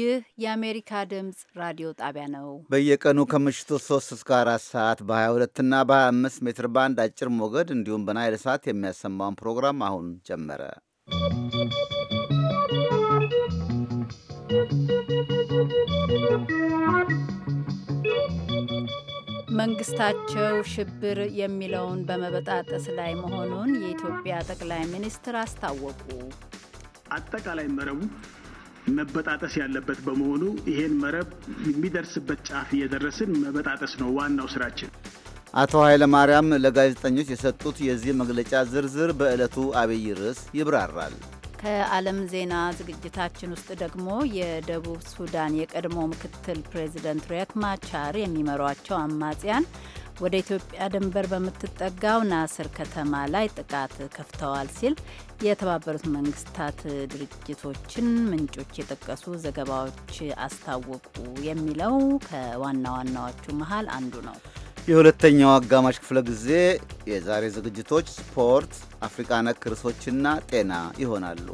ይህ የአሜሪካ ድምፅ ራዲዮ ጣቢያ ነው። በየቀኑ ከምሽቱ 3 እስከ 4 ሰዓት በ22 እና በ25 ሜትር ባንድ አጭር ሞገድ እንዲሁም በናይል ሰዓት የሚያሰማውን ፕሮግራም አሁን ጀመረ። መንግስታቸው ሽብር የሚለውን በመበጣጠስ ላይ መሆኑን የኢትዮጵያ ጠቅላይ ሚኒስትር አስታወቁ። አጠቃላይ መረቡ መበጣጠስ ያለበት በመሆኑ ይሄን መረብ የሚደርስበት ጫፍ እየደረስን መበጣጠስ ነው ዋናው ስራችን። አቶ ኃይለ ማርያም ለጋዜጠኞች የሰጡት የዚህ መግለጫ ዝርዝር በዕለቱ አብይ ርዕስ ይብራራል። ከዓለም ዜና ዝግጅታችን ውስጥ ደግሞ የደቡብ ሱዳን የቀድሞ ምክትል ፕሬዚደንት ሪያክ ማቻር የሚመሯቸው አማጽያን ወደ ኢትዮጵያ ድንበር በምትጠጋው ናስር ከተማ ላይ ጥቃት ከፍተዋል ሲል የተባበሩት መንግስታት ድርጅቶችን ምንጮች የጠቀሱ ዘገባዎች አስታወቁ የሚለው ከዋና ዋናዎቹ መሀል አንዱ ነው። የሁለተኛው አጋማሽ ክፍለ ጊዜ የዛሬ ዝግጅቶች ስፖርት፣ አፍሪቃ ነክ ርዕሶችና ጤና ይሆናሉ።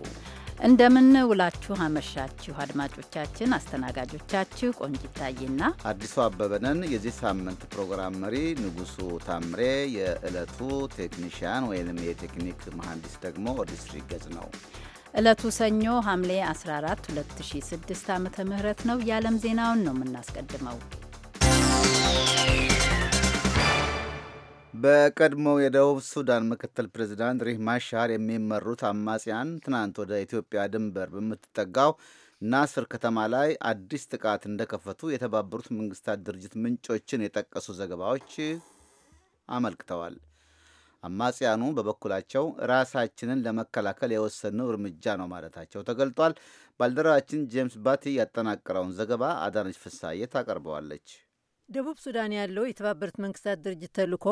እንደምን ውላችሁ አመሻችሁ አድማጮቻችን። አስተናጋጆቻችሁ ቆንጅ ታዬና አዲሱ አበበነን። የዚህ ሳምንት ፕሮግራም መሪ ንጉሱ ታምሬ፣ የዕለቱ ቴክኒሽያን ወይም የቴክኒክ መሐንዲስ ደግሞ ኦዲስትሪክ ገጽ ነው። ዕለቱ ሰኞ ሐምሌ 14 2006 ዓ ም ነው። የዓለም ዜናውን ነው የምናስቀድመው። በቀድሞው የደቡብ ሱዳን ምክትል ፕሬዚዳንት ሪህ ማሻር የሚመሩት አማጽያን ትናንት ወደ ኢትዮጵያ ድንበር በምትጠጋው ናስር ከተማ ላይ አዲስ ጥቃት እንደከፈቱ የተባበሩት መንግስታት ድርጅት ምንጮችን የጠቀሱ ዘገባዎች አመልክተዋል። አማጽያኑ በበኩላቸው ራሳችንን ለመከላከል የወሰንነው እርምጃ ነው ማለታቸው ተገልጧል። ባልደረባችን ጄምስ ባቲ ያጠናቀረውን ዘገባ አዳነች ፍሳዬ ታቀርበዋለች። ደቡብ ሱዳን ያለው የተባበሩት መንግስታት ድርጅት ተልኮ?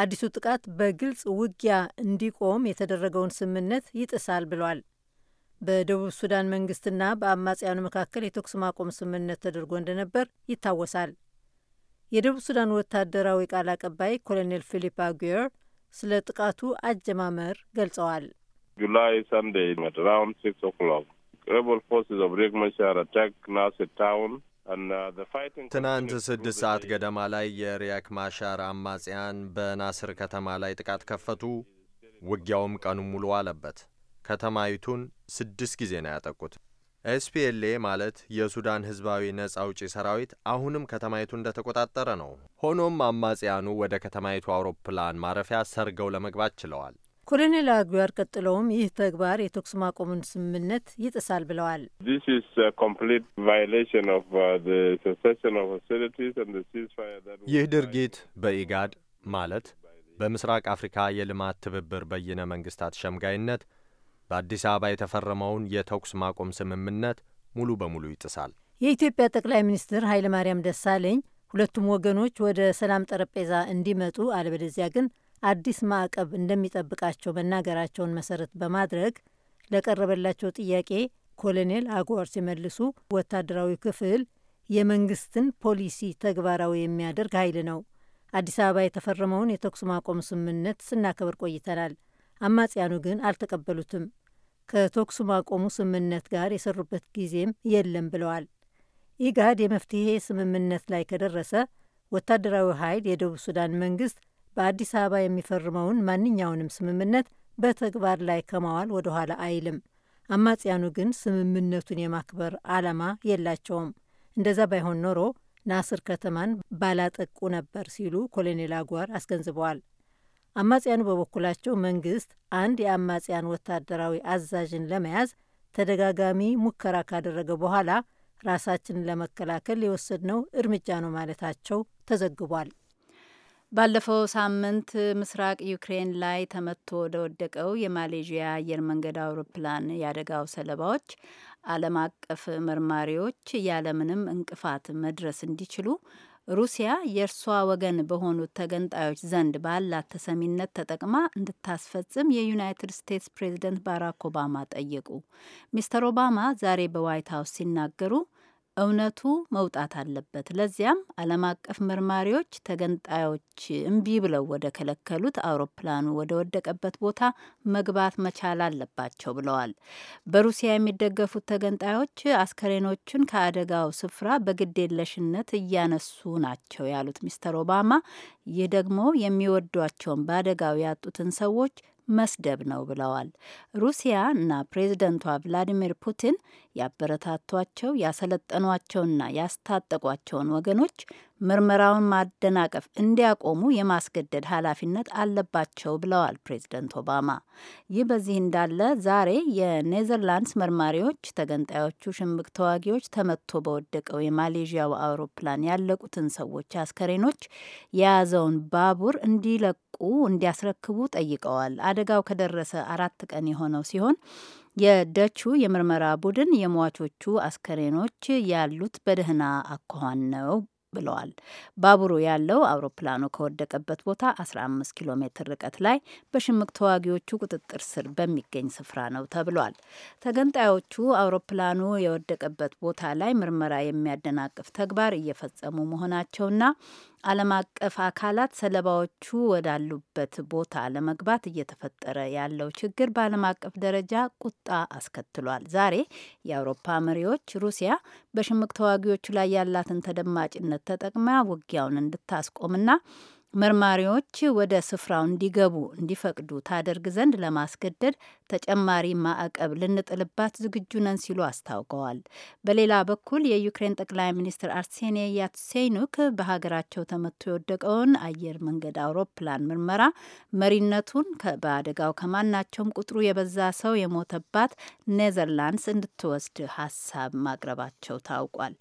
አዲሱ ጥቃት በግልጽ ውጊያ እንዲቆም የተደረገውን ስምምነት ይጥሳል ብሏል። በደቡብ ሱዳን መንግስትና በአማጽያኑ መካከል የተኩስ ማቆም ስምምነት ተደርጎ እንደነበር ይታወሳል። የደቡብ ሱዳን ወታደራዊ ቃል አቀባይ ኮሎኔል ፊሊፕ አጉየር ስለ ጥቃቱ አጀማመር ገልጸዋል። ጁላይ ሰንዴይ ራውንድ ሲክስ ኦክሎክ ሬበል ፎርስ ኦፍ ሪክ አታክ ናስር ታውን Uh, ትናንት ስድስት ሰዓት ገደማ ላይ የሪያክ ማሻር አማጽያን በናስር ከተማ ላይ ጥቃት ከፈቱ። ውጊያውም ቀኑ ሙሉ አለበት። ከተማይቱን ስድስት ጊዜ ነው ያጠቁት። ኤስፒኤልኤ ማለት የሱዳን ሕዝባዊ ነጻ አውጪ ሰራዊት አሁንም ከተማይቱ እንደተቆጣጠረ ነው። ሆኖም አማጽያኑ ወደ ከተማይቱ አውሮፕላን ማረፊያ ሰርገው ለመግባት ችለዋል። ኮሎኔል አግዋር ቀጥለውም ይህ ተግባር የተኩስ ማቆሙን ስምምነት ይጥሳል ብለዋል። uh, ይህ ድርጊት በኢጋድ ማለት በምስራቅ አፍሪካ የልማት ትብብር በይነ መንግስታት ሸምጋይነት በአዲስ አበባ የተፈረመውን የተኩስ ማቆም ስምምነት ሙሉ በሙሉ ይጥሳል። የኢትዮጵያ ጠቅላይ ሚኒስትር ኃይለማርያም ደሳለኝ ሁለቱም ወገኖች ወደ ሰላም ጠረጴዛ እንዲመጡ አለበለዚያ ግን አዲስ ማዕቀብ እንደሚጠብቃቸው መናገራቸውን መሰረት በማድረግ ለቀረበላቸው ጥያቄ ኮሎኔል አጓር ሲመልሱ ወታደራዊ ክፍል የመንግስትን ፖሊሲ ተግባራዊ የሚያደርግ ኃይል ነው። አዲስ አበባ የተፈረመውን የተኩስ ማቆም ስምምነት ስናከብር ቆይተናል። አማጽያኑ ግን አልተቀበሉትም። ከተኩስ ማቆሙ ስምምነት ጋር የሰሩበት ጊዜም የለም ብለዋል። ኢጋድ የመፍትሄ ስምምነት ላይ ከደረሰ ወታደራዊ ኃይል የደቡብ ሱዳን መንግስት በአዲስ አበባ የሚፈርመውን ማንኛውንም ስምምነት በተግባር ላይ ከማዋል ወደ ኋላ አይልም። አማጽያኑ ግን ስምምነቱን የማክበር ዓላማ የላቸውም። እንደዛ ባይሆን ኖሮ ናስር ከተማን ባላጠቁ ነበር ሲሉ ኮሎኔል አጓር አስገንዝበዋል። አማጽያኑ በበኩላቸው መንግስት አንድ የአማጽያን ወታደራዊ አዛዥን ለመያዝ ተደጋጋሚ ሙከራ ካደረገ በኋላ ራሳችንን ለመከላከል የወሰድነው እርምጃ ነው ማለታቸው ተዘግቧል። ባለፈው ሳምንት ምስራቅ ዩክሬን ላይ ተመቶ ለወደቀው የማሌዥያ አየር መንገድ አውሮፕላን የአደጋው ሰለባዎች ዓለም አቀፍ መርማሪዎች ያለምንም እንቅፋት መድረስ እንዲችሉ ሩሲያ የእርሷ ወገን በሆኑት ተገንጣዮች ዘንድ ባላት ተሰሚነት ተጠቅማ እንድታስፈጽም የዩናይትድ ስቴትስ ፕሬዝደንት ባራክ ኦባማ ጠየቁ። ሚስተር ኦባማ ዛሬ በዋይት ሀውስ ሲናገሩ እውነቱ መውጣት አለበት። ለዚያም ዓለም አቀፍ መርማሪዎች ተገንጣዮች እምቢ ብለው ወደ ከለከሉት አውሮፕላኑ ወደ ወደቀበት ቦታ መግባት መቻል አለባቸው ብለዋል። በሩሲያ የሚደገፉት ተገንጣዮች አስከሬኖቹን ከአደጋው ስፍራ በግዴለሽነት እያነሱ ናቸው ያሉት ሚስተር ኦባማ፣ ይህ ደግሞ የሚወዷቸውን በአደጋው ያጡትን ሰዎች መስደብ ነው ብለዋል። ሩሲያ እና ፕሬዚደንቷ ቭላዲሚር ፑቲን ያበረታቷቸው ያሰለጠኗቸውና ያስታጠቋቸውን ወገኖች ምርመራውን ማደናቀፍ እንዲያቆሙ የማስገደድ ኃላፊነት አለባቸው ብለዋል ፕሬዝደንት ኦባማ። ይህ በዚህ እንዳለ ዛሬ የኔዘርላንድስ መርማሪዎች ተገንጣዮቹ ሽምቅ ተዋጊዎች ተመቶ በወደቀው የማሌዥያው አውሮፕላን ያለቁትን ሰዎች አስከሬኖች የያዘውን ባቡር እንዲለቁ እንዲያስረክቡ ጠይቀዋል። አደጋው ከደረሰ አራት ቀን የሆነው ሲሆን የደቹ የምርመራ ቡድን የሟቾቹ አስከሬኖች ያሉት በደህና አኳኋን ነው ብለዋል። ባቡሩ ያለው አውሮፕላኑ ከወደቀበት ቦታ 15 ኪሎ ሜትር ርቀት ላይ በሽምቅ ተዋጊዎቹ ቁጥጥር ስር በሚገኝ ስፍራ ነው ተብሏል። ተገንጣዮቹ አውሮፕላኑ የወደቀበት ቦታ ላይ ምርመራ የሚያደናቅፍ ተግባር እየፈጸሙ መሆናቸውና ዓለም አቀፍ አካላት ሰለባዎቹ ወዳሉበት ቦታ ለመግባት እየተፈጠረ ያለው ችግር በዓለም አቀፍ ደረጃ ቁጣ አስከትሏል። ዛሬ የአውሮፓ መሪዎች ሩሲያ በሽምቅ ተዋጊዎቹ ላይ ያላትን ተደማጭነት ተጠቅማ ውጊያውን እንድታስቆምና መርማሪዎች ወደ ስፍራው እንዲገቡ እንዲፈቅዱ ታደርግ ዘንድ ለማስገደድ ተጨማሪ ማዕቀብ ልንጥልባት ዝግጁ ነን ሲሉ አስታውቀዋል። በሌላ በኩል የዩክሬን ጠቅላይ ሚኒስትር አርሴኒ ያትሴኑክ በሀገራቸው ተመቶ የወደቀውን አየር መንገድ አውሮፕላን ምርመራ መሪነቱን በአደጋው ከማናቸውም ቁጥሩ የበዛ ሰው የሞተባት ኔዘርላንድስ እንድትወስድ ሀሳብ ማቅረባቸው ታውቋል።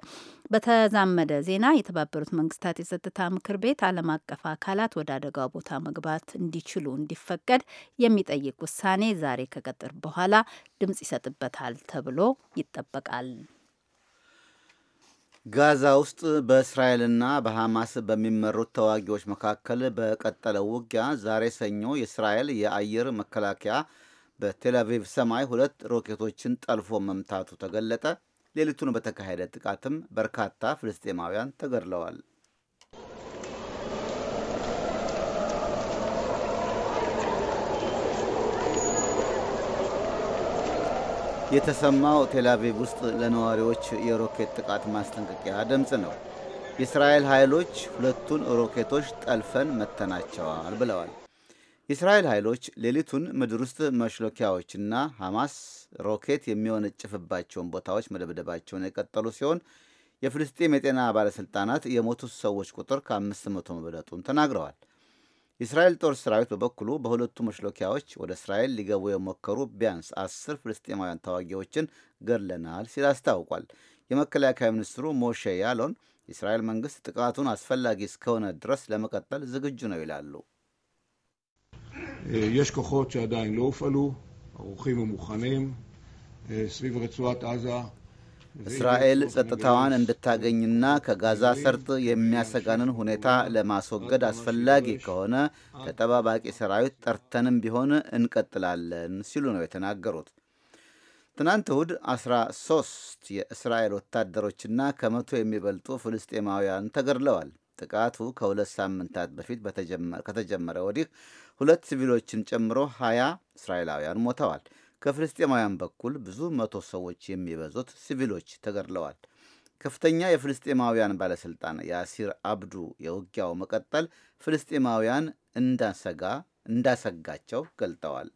በተዛመደ ዜና የተባበሩት መንግስታት የጸጥታ ምክር ቤት ዓለም አቀፍ አካላት ወደ አደጋው ቦታ መግባት እንዲችሉ እንዲፈቀድ የሚጠይቅ ውሳኔ ዛሬ ከቀጥር በኋላ ድምጽ ይሰጥበታል ተብሎ ይጠበቃል። ጋዛ ውስጥ በእስራኤልና በሐማስ በሚመሩት ተዋጊዎች መካከል በቀጠለው ውጊያ ዛሬ ሰኞ የእስራኤል የአየር መከላከያ በቴላቪቭ ሰማይ ሁለት ሮኬቶችን ጠልፎ መምታቱ ተገለጠ። ሌሊቱን በተካሄደ ጥቃትም በርካታ ፍልስጤማውያን ተገድለዋል። የተሰማው ቴላቪቭ ውስጥ ለነዋሪዎች የሮኬት ጥቃት ማስጠንቀቂያ ድምፅ ነው። የእስራኤል ኃይሎች ሁለቱን ሮኬቶች ጠልፈን መተናቸዋል ብለዋል። የእስራኤል ኃይሎች ሌሊቱን ምድር ውስጥ መሽሎኪያዎችና ሐማስ ሮኬት የሚወነጭፍባቸውን ቦታዎች መደብደባቸውን የቀጠሉ ሲሆን የፍልስጤም የጤና ባለሥልጣናት የሞቱት ሰዎች ቁጥር ከአምስት መቶ መብለጡን ተናግረዋል። የእስራኤል ጦር ሰራዊት በበኩሉ በሁለቱ መሽሎኪያዎች ወደ እስራኤል ሊገቡ የሞከሩ ቢያንስ አስር ፍልስጤማውያን ታዋጊዎችን ገድለናል ሲል አስታውቋል። የመከላከያ ሚኒስትሩ ሞሼ ያሎን የእስራኤል መንግሥት ጥቃቱን አስፈላጊ እስከሆነ ድረስ ለመቀጠል ዝግጁ ነው ይላሉ። יש כוחות שעדיין לא הופעלו, ערוכים ומוכנים סביב רצועת עזה. እስራኤል ጸጥታዋን እንድታገኝና ከጋዛ ሰርጥ የሚያሰጋንን ሁኔታ ለማስወገድ አስፈላጊ ከሆነ ተጠባባቂ ሰራዊት ጠርተንም ቢሆን እንቀጥላለን ሲሉ ነው የተናገሩት። ትናንት እሁድ 13 የእስራኤል ወታደሮችና ከመቶ የሚበልጡ ፍልስጤማውያን ተገድለዋል። ጥቃቱ ከሁለት ሳምንታት በፊት ከተጀመረ ወዲህ ሁለት ሲቪሎችን ጨምሮ ሀያ እስራኤላውያን ሞተዋል። ከፍልስጤማውያን በኩል ብዙ መቶ ሰዎች የሚበዙት ሲቪሎች ተገድለዋል። ከፍተኛ የፍልስጤማውያን ባለሥልጣን የአሲር አብዱ የውጊያው መቀጠል ፍልስጤማውያን እንዳሰጋ እንዳሰጋቸው ገልጠዋል።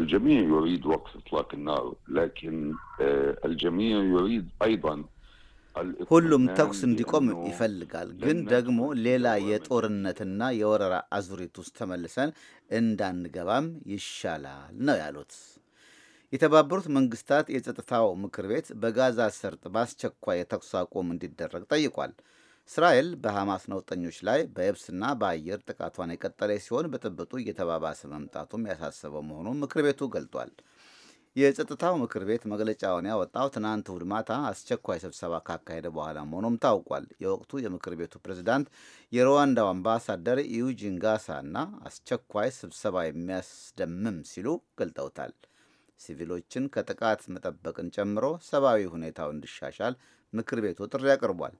الجميع يريد وقف اطلاق النار لكن الجميع يريد ايضا ሁሉም ተኩስ እንዲቆም ይፈልጋል። ግን ደግሞ ሌላ የጦርነትና የወረራ አዙሪት ውስጥ ተመልሰን እንዳንገባም ይሻላል ነው ያሉት። የተባበሩት መንግስታት የጸጥታው ምክር ቤት በጋዛ ሰርጥ በአስቸኳይ የተኩስ አቁም እንዲደረግ ጠይቋል። እስራኤል በሐማስ ነውጠኞች ላይ በየብስና በአየር ጥቃቷን የቀጠለ ሲሆን ብጥብጡ እየተባባሰ መምጣቱም ያሳሰበው መሆኑን ምክር ቤቱ ገልጧል። የጸጥታው ምክር ቤት መግለጫውን ያወጣው ትናንት እሁድ ማታ አስቸኳይ ስብሰባ ካካሄደ በኋላ መሆኑም ታውቋል። የወቅቱ የምክር ቤቱ ፕሬዝዳንት የሩዋንዳው አምባሳደር ዩጂን ጋሳ እና አስቸኳይ ስብሰባ የሚያስደምም ሲሉ ገልጠውታል። ሲቪሎችን ከጥቃት መጠበቅን ጨምሮ ሰብአዊ ሁኔታው እንዲሻሻል ምክር ቤቱ ጥሪ አቅርቧል።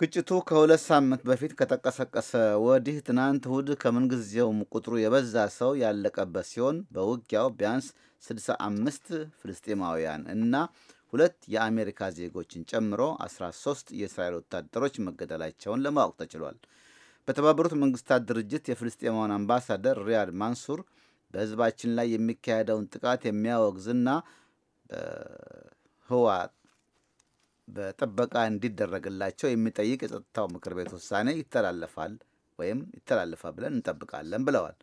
ግጭቱ ከሁለት ሳምንት በፊት ከተቀሰቀሰ ወዲህ ትናንት እሁድ ከምንጊዜውም ቁጥሩ የበዛ ሰው ያለቀበት ሲሆን በውጊያው ቢያንስ 65 ፍልስጤማውያን እና ሁለት የአሜሪካ ዜጎችን ጨምሮ 13 የእስራኤል ወታደሮች መገደላቸውን ለማወቅ ተችሏል። በተባበሩት መንግስታት ድርጅት የፍልስጤማውን አምባሳደር ሪያድ ማንሱር በህዝባችን ላይ የሚካሄደውን ጥቃት የሚያወግዝና ህዋ በጥበቃ እንዲደረግላቸው የሚጠይቅ የጸጥታው ምክር ቤት ውሳኔ ይተላለፋል ወይም ይተላለፋል ብለን እንጠብቃለን ብለዋል።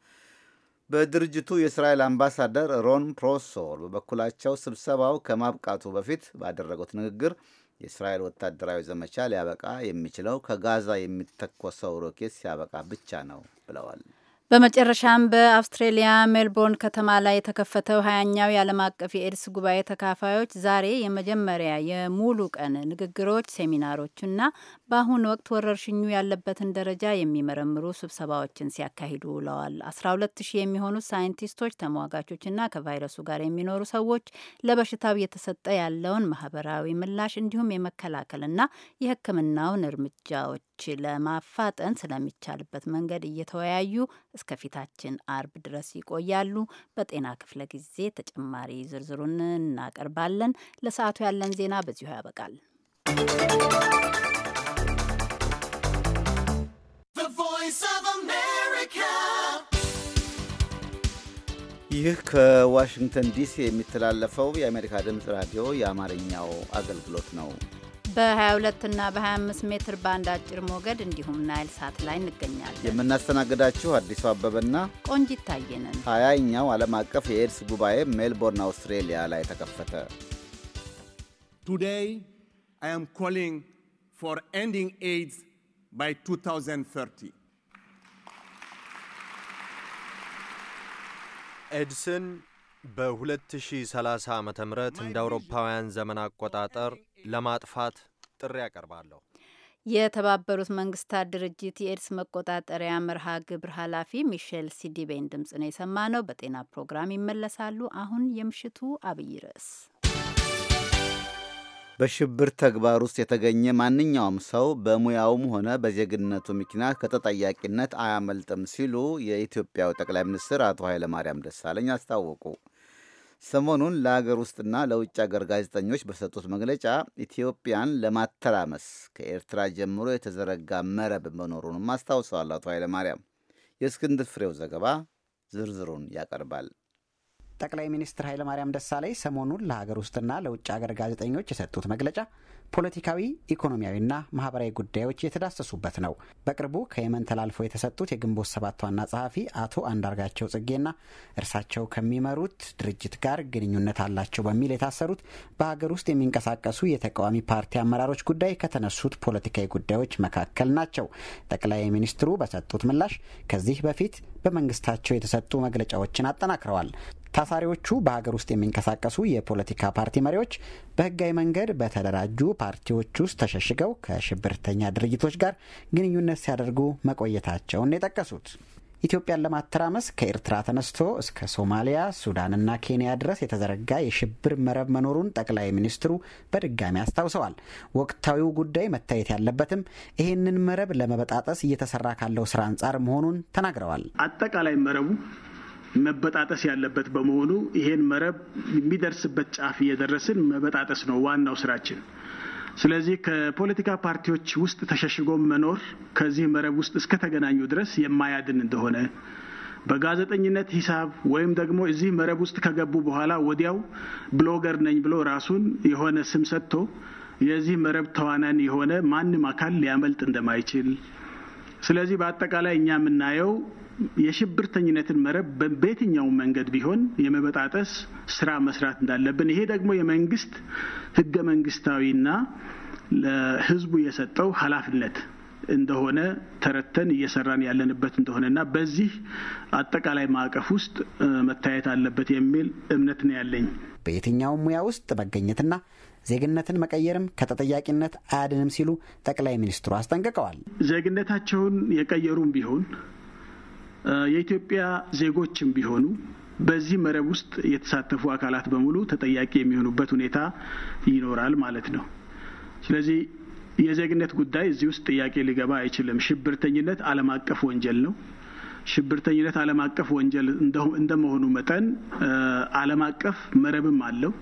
በድርጅቱ የእስራኤል አምባሳደር ሮን ፕሮሶር በበኩላቸው ስብሰባው ከማብቃቱ በፊት ባደረጉት ንግግር የእስራኤል ወታደራዊ ዘመቻ ሊያበቃ የሚችለው ከጋዛ የሚተኮሰው ሮኬት ሲያበቃ ብቻ ነው ብለዋል። በመጨረሻም በአውስትሬሊያ ሜልቦርን ከተማ ላይ የተከፈተው ሀያኛው የዓለም አቀፍ የኤድስ ጉባኤ ተካፋዮች ዛሬ የመጀመሪያ የሙሉ ቀን ንግግሮች፣ ሴሚናሮችና በአሁኑ ወቅት ወረርሽኙ ያለበትን ደረጃ የሚመረምሩ ስብሰባዎችን ሲያካሂዱ ውለዋል። ሁለት ሺህ የሚሆኑ ሳይንቲስቶች፣ ተሟጋቾችና ከቫይረሱ ጋር የሚኖሩ ሰዎች ለበሽታው እየተሰጠ ያለውን ማህበራዊ ምላሽ እንዲሁም የመከላከልና የሕክምናውን እርምጃዎች ለማፋጠን ስለሚቻልበት መንገድ እየተወያዩ እስከ ፊታችን አርብ ድረስ ይቆያሉ። በጤና ክፍለ ጊዜ ተጨማሪ ዝርዝሩን እናቀርባለን። ለሰዓቱ ያለን ዜና በዚሁ ያበቃል። ይህ ከዋሽንግተን ዲሲ የሚተላለፈው የአሜሪካ ድምፅ ራዲዮ የአማርኛው አገልግሎት ነው። በ22 እና በ25 ሜትር ባንድ አጭር ሞገድ እንዲሁም ናይል ሳት ላይ እንገኛለን። የምናስተናግዳችሁ አዲሱ አበበና ቆንጂት ታየ ነን። ሀያኛው ዓለም አቀፍ የኤድስ ጉባኤ ሜልቦርን አውስትሬሊያ ላይ ተከፈተ። ቱዴይ አይ አም ኮሊንግ ፎር ኤንዲንግ ኤድስ ባይ 2030 ኤድስን በ2030 ዓ ም እንደ አውሮፓውያን ዘመን አቆጣጠር ለማጥፋት ጥሪ ያቀርባለሁ። የተባበሩት መንግስታት ድርጅት የኤድስ መቆጣጠሪያ መርሃ ግብር ኃላፊ ሚሼል ሲዲቤን ድምጽ ነው ነው። በጤና ፕሮግራም ይመለሳሉ። አሁን የምሽቱ አብይ ርዕስ በሽብር ተግባር ውስጥ የተገኘ ማንኛውም ሰው በሙያውም ሆነ በዜግነቱ ምክንያት ከተጠያቂነት አያመልጥም ሲሉ የኢትዮጵያው ጠቅላይ ሚኒስትር አቶ ኃይለማርያም ደሳለኝ አስታወቁ። ሰሞኑን ለሀገር ውስጥና ለውጭ ሀገር ጋዜጠኞች በሰጡት መግለጫ ኢትዮጵያን ለማተራመስ ከኤርትራ ጀምሮ የተዘረጋ መረብ መኖሩንም አስታውሰዋል አቶ ኃይለማርያም። የእስክንድር ፍሬው ዘገባ ዝርዝሩን ያቀርባል። ጠቅላይ ሚኒስትር ኃይለማርያም ደሳለኝ ሰሞኑን ለሀገር ውስጥና ለውጭ ሀገር ጋዜጠኞች የሰጡት መግለጫ ፖለቲካዊ፣ ኢኮኖሚያዊና ማህበራዊ ጉዳዮች የተዳሰሱበት ነው። በቅርቡ ከየመን ተላልፈው የተሰጡት የግንቦት ሰባት ዋና ጸሐፊ አቶ አንዳርጋቸው ጽጌና እርሳቸው ከሚመሩት ድርጅት ጋር ግንኙነት አላቸው በሚል የታሰሩት በሀገር ውስጥ የሚንቀሳቀሱ የተቃዋሚ ፓርቲ አመራሮች ጉዳይ ከተነሱት ፖለቲካዊ ጉዳዮች መካከል ናቸው። ጠቅላይ ሚኒስትሩ በሰጡት ምላሽ ከዚህ በፊት በመንግስታቸው የተሰጡ መግለጫዎችን አጠናክረዋል። ታሳሪዎቹ በሀገር ውስጥ የሚንቀሳቀሱ የፖለቲካ ፓርቲ መሪዎች በህጋዊ መንገድ በተደራጁ ፓርቲዎች ውስጥ ተሸሽገው ከሽብርተኛ ድርጅቶች ጋር ግንኙነት ሲያደርጉ መቆየታቸውን የጠቀሱት ኢትዮጵያን ለማተራመስ ከኤርትራ ተነስቶ እስከ ሶማሊያ፣ ሱዳንና ኬንያ ድረስ የተዘረጋ የሽብር መረብ መኖሩን ጠቅላይ ሚኒስትሩ በድጋሚ አስታውሰዋል። ወቅታዊው ጉዳይ መታየት ያለበትም ይህንን መረብ ለመበጣጠስ እየተሰራ ካለው ስራ አንጻር መሆኑን ተናግረዋል። አጠቃላይ መረቡ መበጣጠስ ያለበት በመሆኑ ይሄን መረብ የሚደርስበት ጫፍ እየደረስን መበጣጠስ ነው ዋናው ስራችን። ስለዚህ ከፖለቲካ ፓርቲዎች ውስጥ ተሸሽጎ መኖር ከዚህ መረብ ውስጥ እስከተገናኙ ድረስ የማያድን እንደሆነ በጋዜጠኝነት ሂሳብ ወይም ደግሞ እዚህ መረብ ውስጥ ከገቡ በኋላ ወዲያው ብሎገር ነኝ ብሎ ራሱን የሆነ ስም ሰጥቶ የዚህ መረብ ተዋናን የሆነ ማንም አካል ሊያመልጥ እንደማይችል ስለዚህ በአጠቃላይ እኛ የምናየው የሽብርተኝነትን መረብ በየትኛው መንገድ ቢሆን የመበጣጠስ ስራ መስራት እንዳለብን ይሄ ደግሞ የመንግስት ህገ መንግስታዊና ለህዝቡ የሰጠው ሀላፊነት እንደሆነ ተረተን እየሰራን ያለንበት እንደሆነና በዚህ አጠቃላይ ማዕቀፍ ውስጥ መታየት አለበት የሚል እምነት ነው ያለኝ። በየትኛውም ሙያ ውስጥ መገኘትና ዜግነትን መቀየርም ከተጠያቂነት አያድንም ሲሉ ጠቅላይ ሚኒስትሩ አስጠንቅቀዋል። ዜግነታቸውን የቀየሩም ቢሆን የኢትዮጵያ ዜጎችም ቢሆኑ በዚህ መረብ ውስጥ የተሳተፉ አካላት በሙሉ ተጠያቂ የሚሆኑበት ሁኔታ ይኖራል ማለት ነው። ስለዚህ የዜግነት ጉዳይ እዚህ ውስጥ ጥያቄ ሊገባ አይችልም። ሽብርተኝነት ዓለም አቀፍ ወንጀል ነው። ሽብርተኝነት ዓለም አቀፍ ወንጀል እንደመሆኑ መጠን ዓለም አቀፍ መረብም አለው።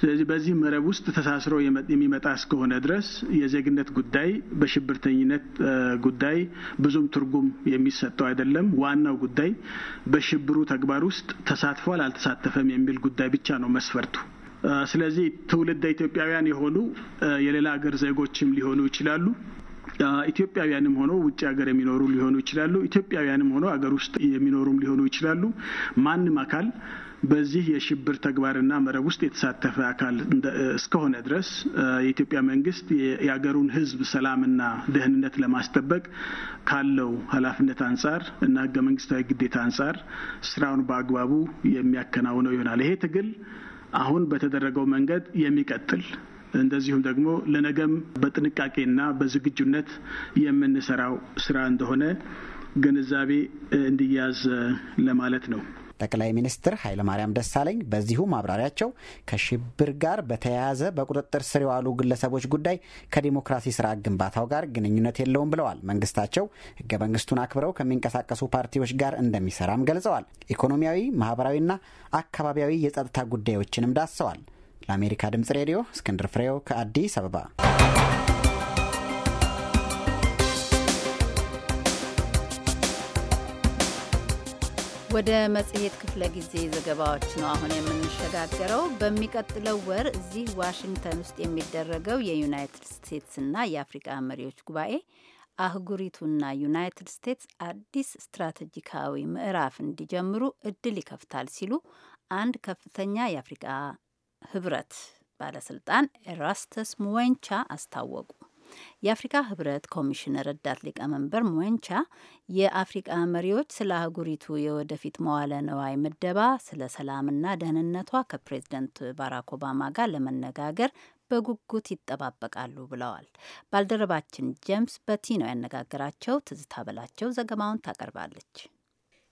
ስለዚህ በዚህ መረብ ውስጥ ተሳስሮ የሚመጣ እስከሆነ ድረስ የዜግነት ጉዳይ በሽብርተኝነት ጉዳይ ብዙም ትርጉም የሚሰጠው አይደለም። ዋናው ጉዳይ በሽብሩ ተግባር ውስጥ ተሳትፏል አልተሳተፈም የሚል ጉዳይ ብቻ ነው መስፈርቱ። ስለዚህ ትውልደ ኢትዮጵያውያን የሆኑ የሌላ ሀገር ዜጎችም ሊሆኑ ይችላሉ። ኢትዮጵያውያንም ሆኖ ውጭ ሀገር የሚኖሩ ሊሆኑ ይችላሉ። ኢትዮጵያውያንም ሆኖ ሀገር ውስጥ የሚኖሩም ሊሆኑ ይችላሉ። ማንም አካል በዚህ የሽብር ተግባርና መረብ ውስጥ የተሳተፈ አካል እስከሆነ ድረስ የኢትዮጵያ መንግስት የአገሩን ህዝብ ሰላምና ደህንነት ለማስጠበቅ ካለው ኃላፊነት አንጻር እና ህገ መንግስታዊ ግዴታ አንጻር ስራውን በአግባቡ የሚያከናውነው ይሆናል። ይሄ ትግል አሁን በተደረገው መንገድ የሚቀጥል እንደዚሁም ደግሞ ለነገም በጥንቃቄና በዝግጁነት የምንሰራው ስራ እንደሆነ ግንዛቤ እንዲያዝ ለማለት ነው። ጠቅላይ ሚኒስትር ኃይለማርያም ደሳለኝ በዚሁ ማብራሪያቸው ከሽብር ጋር በተያያዘ በቁጥጥር ስር የዋሉ ግለሰቦች ጉዳይ ከዲሞክራሲ ስርዓት ግንባታው ጋር ግንኙነት የለውም ብለዋል። መንግስታቸው ህገ መንግስቱን አክብረው ከሚንቀሳቀሱ ፓርቲዎች ጋር እንደሚሰራም ገልጸዋል። ኢኮኖሚያዊ፣ ማህበራዊና አካባቢያዊ የጸጥታ ጉዳዮችንም ዳሰዋል። ለአሜሪካ ድምጽ ሬዲዮ እስክንድር ፍሬው ከአዲስ አበባ ወደ መጽሔት ክፍለ ጊዜ ዘገባዎች ነው አሁን የምንሸጋገረው። በሚቀጥለው ወር እዚህ ዋሽንግተን ውስጥ የሚደረገው የዩናይትድ ስቴትስና የአፍሪቃ መሪዎች ጉባኤ አህጉሪቱና ዩናይትድ ስቴትስ አዲስ ስትራቴጂካዊ ምዕራፍ እንዲጀምሩ እድል ይከፍታል ሲሉ አንድ ከፍተኛ የአፍሪቃ ህብረት ባለስልጣን ኤራስተስ ሙወንቻ አስታወቁ። የአፍሪካ ህብረት ኮሚሽን ረዳት ሊቀመንበር ሙዌንቻ የአፍሪቃ መሪዎች ስለ አህጉሪቱ የወደፊት መዋለ ነዋይ ምደባ፣ ስለ ሰላምና ደህንነቷ ከፕሬዝደንት ባራክ ኦባማ ጋር ለመነጋገር በጉጉት ይጠባበቃሉ ብለዋል። ባልደረባችን ጄምስ በቲ ነው ያነጋገራቸው። ትዝታ በላቸው ዘገባውን ታቀርባለች።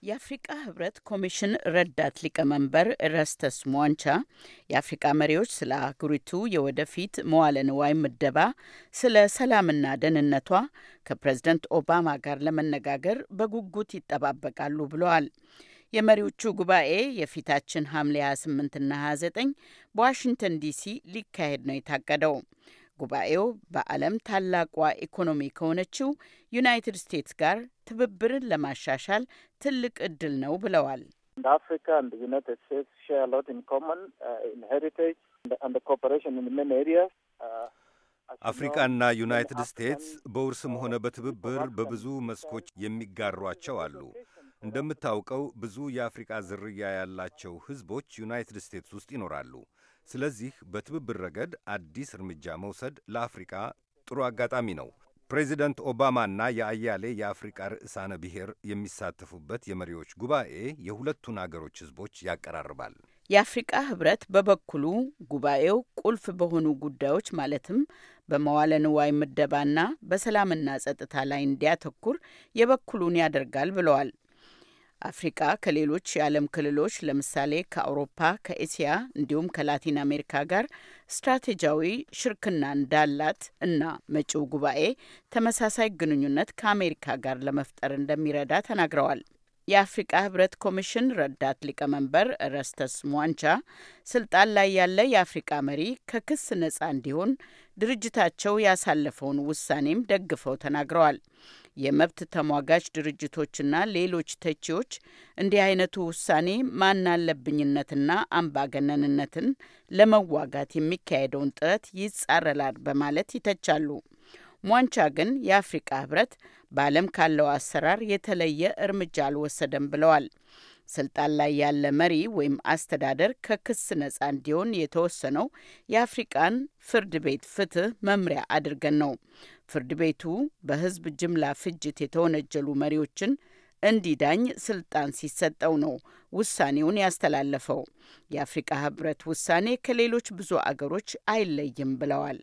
የአፍሪቃ ህብረት ኮሚሽን ረዳት ሊቀመንበር ረስተስ ሟንቻ የአፍሪቃ መሪዎች ስለ አህጉሪቱ የወደፊት መዋለ ንዋይ ምደባ፣ ስለ ሰላምና ደህንነቷ ከፕሬዝደንት ኦባማ ጋር ለመነጋገር በጉጉት ይጠባበቃሉ ብለዋል። የመሪዎቹ ጉባኤ የፊታችን ሐምሌ 28ና 29 በዋሽንግተን ዲሲ ሊካሄድ ነው የታቀደው። ጉባኤው በዓለም ታላቋ ኢኮኖሚ ከሆነችው ዩናይትድ ስቴትስ ጋር ትብብርን ለማሻሻል ትልቅ እድል ነው ብለዋል። አፍሪካና ዩናይትድ ስቴትስ በውርስም ሆነ በትብብር በብዙ መስኮች የሚጋሯቸው አሉ። እንደምታውቀው ብዙ የአፍሪቃ ዝርያ ያላቸው ሕዝቦች ዩናይትድ ስቴትስ ውስጥ ይኖራሉ። ስለዚህ በትብብር ረገድ አዲስ እርምጃ መውሰድ ለአፍሪቃ ጥሩ አጋጣሚ ነው። ፕሬዚደንት ኦባማና የአያሌ የአፍሪቃ ርዕሳነ ብሔር የሚሳተፉበት የመሪዎች ጉባኤ የሁለቱን አገሮች ህዝቦች ያቀራርባል። የአፍሪቃ ህብረት በበኩሉ ጉባኤው ቁልፍ በሆኑ ጉዳዮች ማለትም በመዋለ ንዋይ ምደባና በሰላምና ጸጥታ ላይ እንዲያተኩር የበኩሉን ያደርጋል ብለዋል። አፍሪቃ ከሌሎች የዓለም ክልሎች ለምሳሌ ከአውሮፓ፣ ከኤስያ እንዲሁም ከላቲን አሜሪካ ጋር ስትራቴጂያዊ ሽርክና እንዳላት እና መጪው ጉባኤ ተመሳሳይ ግንኙነት ከአሜሪካ ጋር ለመፍጠር እንደሚረዳ ተናግረዋል። የአፍሪቃ ህብረት ኮሚሽን ረዳት ሊቀመንበር ረስተስ ሟንቻ ስልጣን ላይ ያለ የአፍሪቃ መሪ ከክስ ነጻ እንዲሆን ድርጅታቸው ያሳለፈውን ውሳኔም ደግፈው ተናግረዋል። የመብት ተሟጋች ድርጅቶችና ሌሎች ተቺዎች እንዲህ አይነቱ ውሳኔ ማናለብኝነትና አምባገነንነትን ለመዋጋት የሚካሄደውን ጥረት ይጻረላል በማለት ይተቻሉ። ሟንቻ ግን የአፍሪቃ ህብረት በዓለም ካለው አሰራር የተለየ እርምጃ አልወሰደም ብለዋል። ስልጣን ላይ ያለ መሪ ወይም አስተዳደር ከክስ ነጻ እንዲሆን የተወሰነው የአፍሪቃን ፍርድ ቤት ፍትህ መምሪያ አድርገን ነው። ፍርድ ቤቱ በህዝብ ጅምላ ፍጅት የተወነጀሉ መሪዎችን እንዲዳኝ ስልጣን ሲሰጠው ነው ውሳኔውን ያስተላለፈው። የአፍሪቃ ህብረት ውሳኔ ከሌሎች ብዙ አገሮች አይለይም ብለዋል።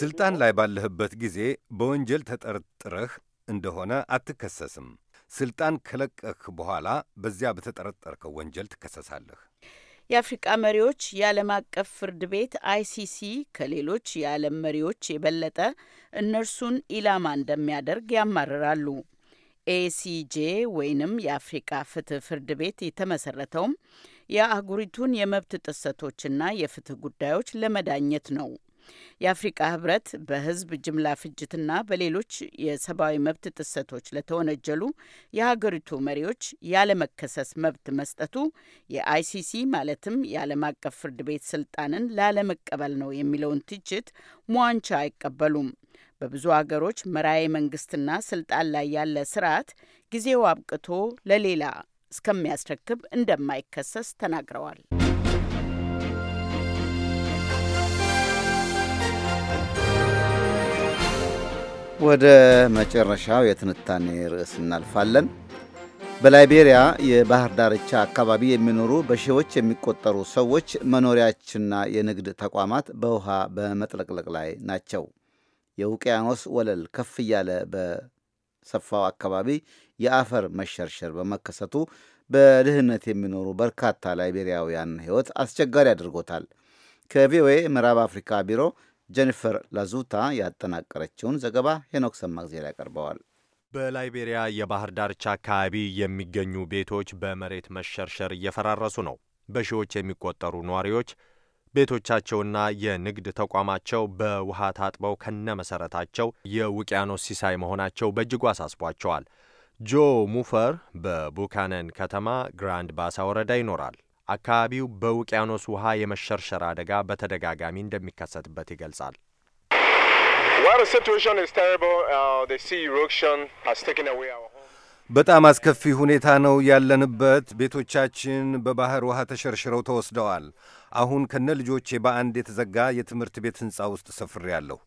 ስልጣን ላይ ባለህበት ጊዜ በወንጀል ተጠርጥረህ እንደሆነ አትከሰስም። ስልጣን ከለቀህ በኋላ በዚያ በተጠረጠርከው ወንጀል ትከሰሳለህ። የአፍሪቃ መሪዎች የዓለም አቀፍ ፍርድ ቤት አይሲሲ ከሌሎች የዓለም መሪዎች የበለጠ እነርሱን ኢላማ እንደሚያደርግ ያማርራሉ። ኤሲጄ ወይንም የአፍሪቃ ፍትህ ፍርድ ቤት የተመሰረተውም የአህጉሪቱን የመብት ጥሰቶችና የፍትህ ጉዳዮች ለመዳኘት ነው። የአፍሪቃ ህብረት በህዝብ ጅምላ ፍጅትና በሌሎች የሰብአዊ መብት ጥሰቶች ለተወነጀሉ የሀገሪቱ መሪዎች ያለመከሰስ መብት መስጠቱ የአይሲሲ ማለትም የዓለም አቀፍ ፍርድ ቤት ስልጣንን ላለመቀበል ነው የሚለውን ትችት ሟንቻ አይቀበሉም። በብዙ አገሮች መራዬ መንግስትና ስልጣን ላይ ያለ ስርዓት ጊዜው አብቅቶ ለሌላ እስከሚያስረክብ እንደማይከሰስ ተናግረዋል። ወደ መጨረሻው የትንታኔ ርዕስ እናልፋለን። በላይቤሪያ የባህር ዳርቻ አካባቢ የሚኖሩ በሺዎች የሚቆጠሩ ሰዎች መኖሪያችና የንግድ ተቋማት በውሃ በመጥለቅለቅ ላይ ናቸው። የውቅያኖስ ወለል ከፍ እያለ በሰፋው አካባቢ የአፈር መሸርሸር በመከሰቱ በድህነት የሚኖሩ በርካታ ላይቤሪያውያን ሕይወት አስቸጋሪ አድርጎታል። ከቪኦኤ ምዕራብ አፍሪካ ቢሮ ጀኒፈር ላዙታ ያጠናቀረችውን ዘገባ ሄኖክ ሰማግዜር ያቀርበዋል። በላይቤሪያ የባህር ዳርቻ አካባቢ የሚገኙ ቤቶች በመሬት መሸርሸር እየፈራረሱ ነው። በሺዎች የሚቆጠሩ ነዋሪዎች ቤቶቻቸውና የንግድ ተቋማቸው በውሃ ታጥበው መሠረታቸው የውቅያኖስ ሲሳይ መሆናቸው በእጅጉ አሳስቧቸዋል። ጆ ሙፈር በቡካነን ከተማ ግራንድ ባሳ ወረዳ ይኖራል። አካባቢው በውቅያኖስ ውሃ የመሸርሸር አደጋ በተደጋጋሚ እንደሚከሰትበት ይገልጻል። uh, በጣም አስከፊ ሁኔታ ነው ያለንበት። ቤቶቻችን በባህር ውሃ ተሸርሽረው ተወስደዋል። አሁን ከነ ልጆቼ በአንድ የተዘጋ የትምህርት ቤት ሕንፃ ውስጥ ሰፍሬ ያለሁ።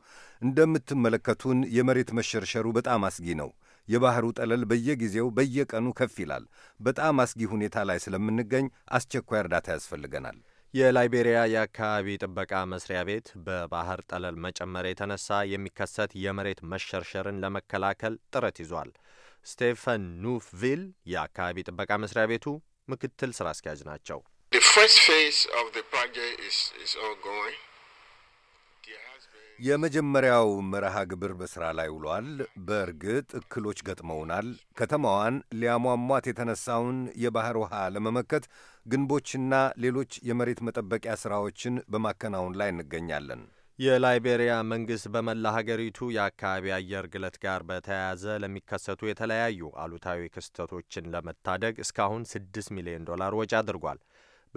እንደምትመለከቱን የመሬት መሸርሸሩ በጣም አስጊ ነው። የባህሩ ጠለል በየጊዜው በየቀኑ ከፍ ይላል። በጣም አስጊ ሁኔታ ላይ ስለምንገኝ አስቸኳይ እርዳታ ያስፈልገናል። የላይቤሪያ የአካባቢ ጥበቃ መስሪያ ቤት በባህር ጠለል መጨመር የተነሳ የሚከሰት የመሬት መሸርሸርን ለመከላከል ጥረት ይዟል። ስቴፈን ኑፍቪል የአካባቢ ጥበቃ መስሪያ ቤቱ ምክትል ስራ አስኪያጅ ናቸው። የመጀመሪያው መርሃ ግብር በሥራ ላይ ውሏል። በእርግጥ እክሎች ገጥመውናል። ከተማዋን ሊያሟሟት የተነሳውን የባሕር ውሃ ለመመከት ግንቦችና ሌሎች የመሬት መጠበቂያ ሥራዎችን በማከናወን ላይ እንገኛለን። የላይቤሪያ መንግሥት በመላ ሀገሪቱ የአካባቢ አየር ግለት ጋር በተያያዘ ለሚከሰቱ የተለያዩ አሉታዊ ክስተቶችን ለመታደግ እስካሁን 6 ሚሊዮን ዶላር ወጪ አድርጓል።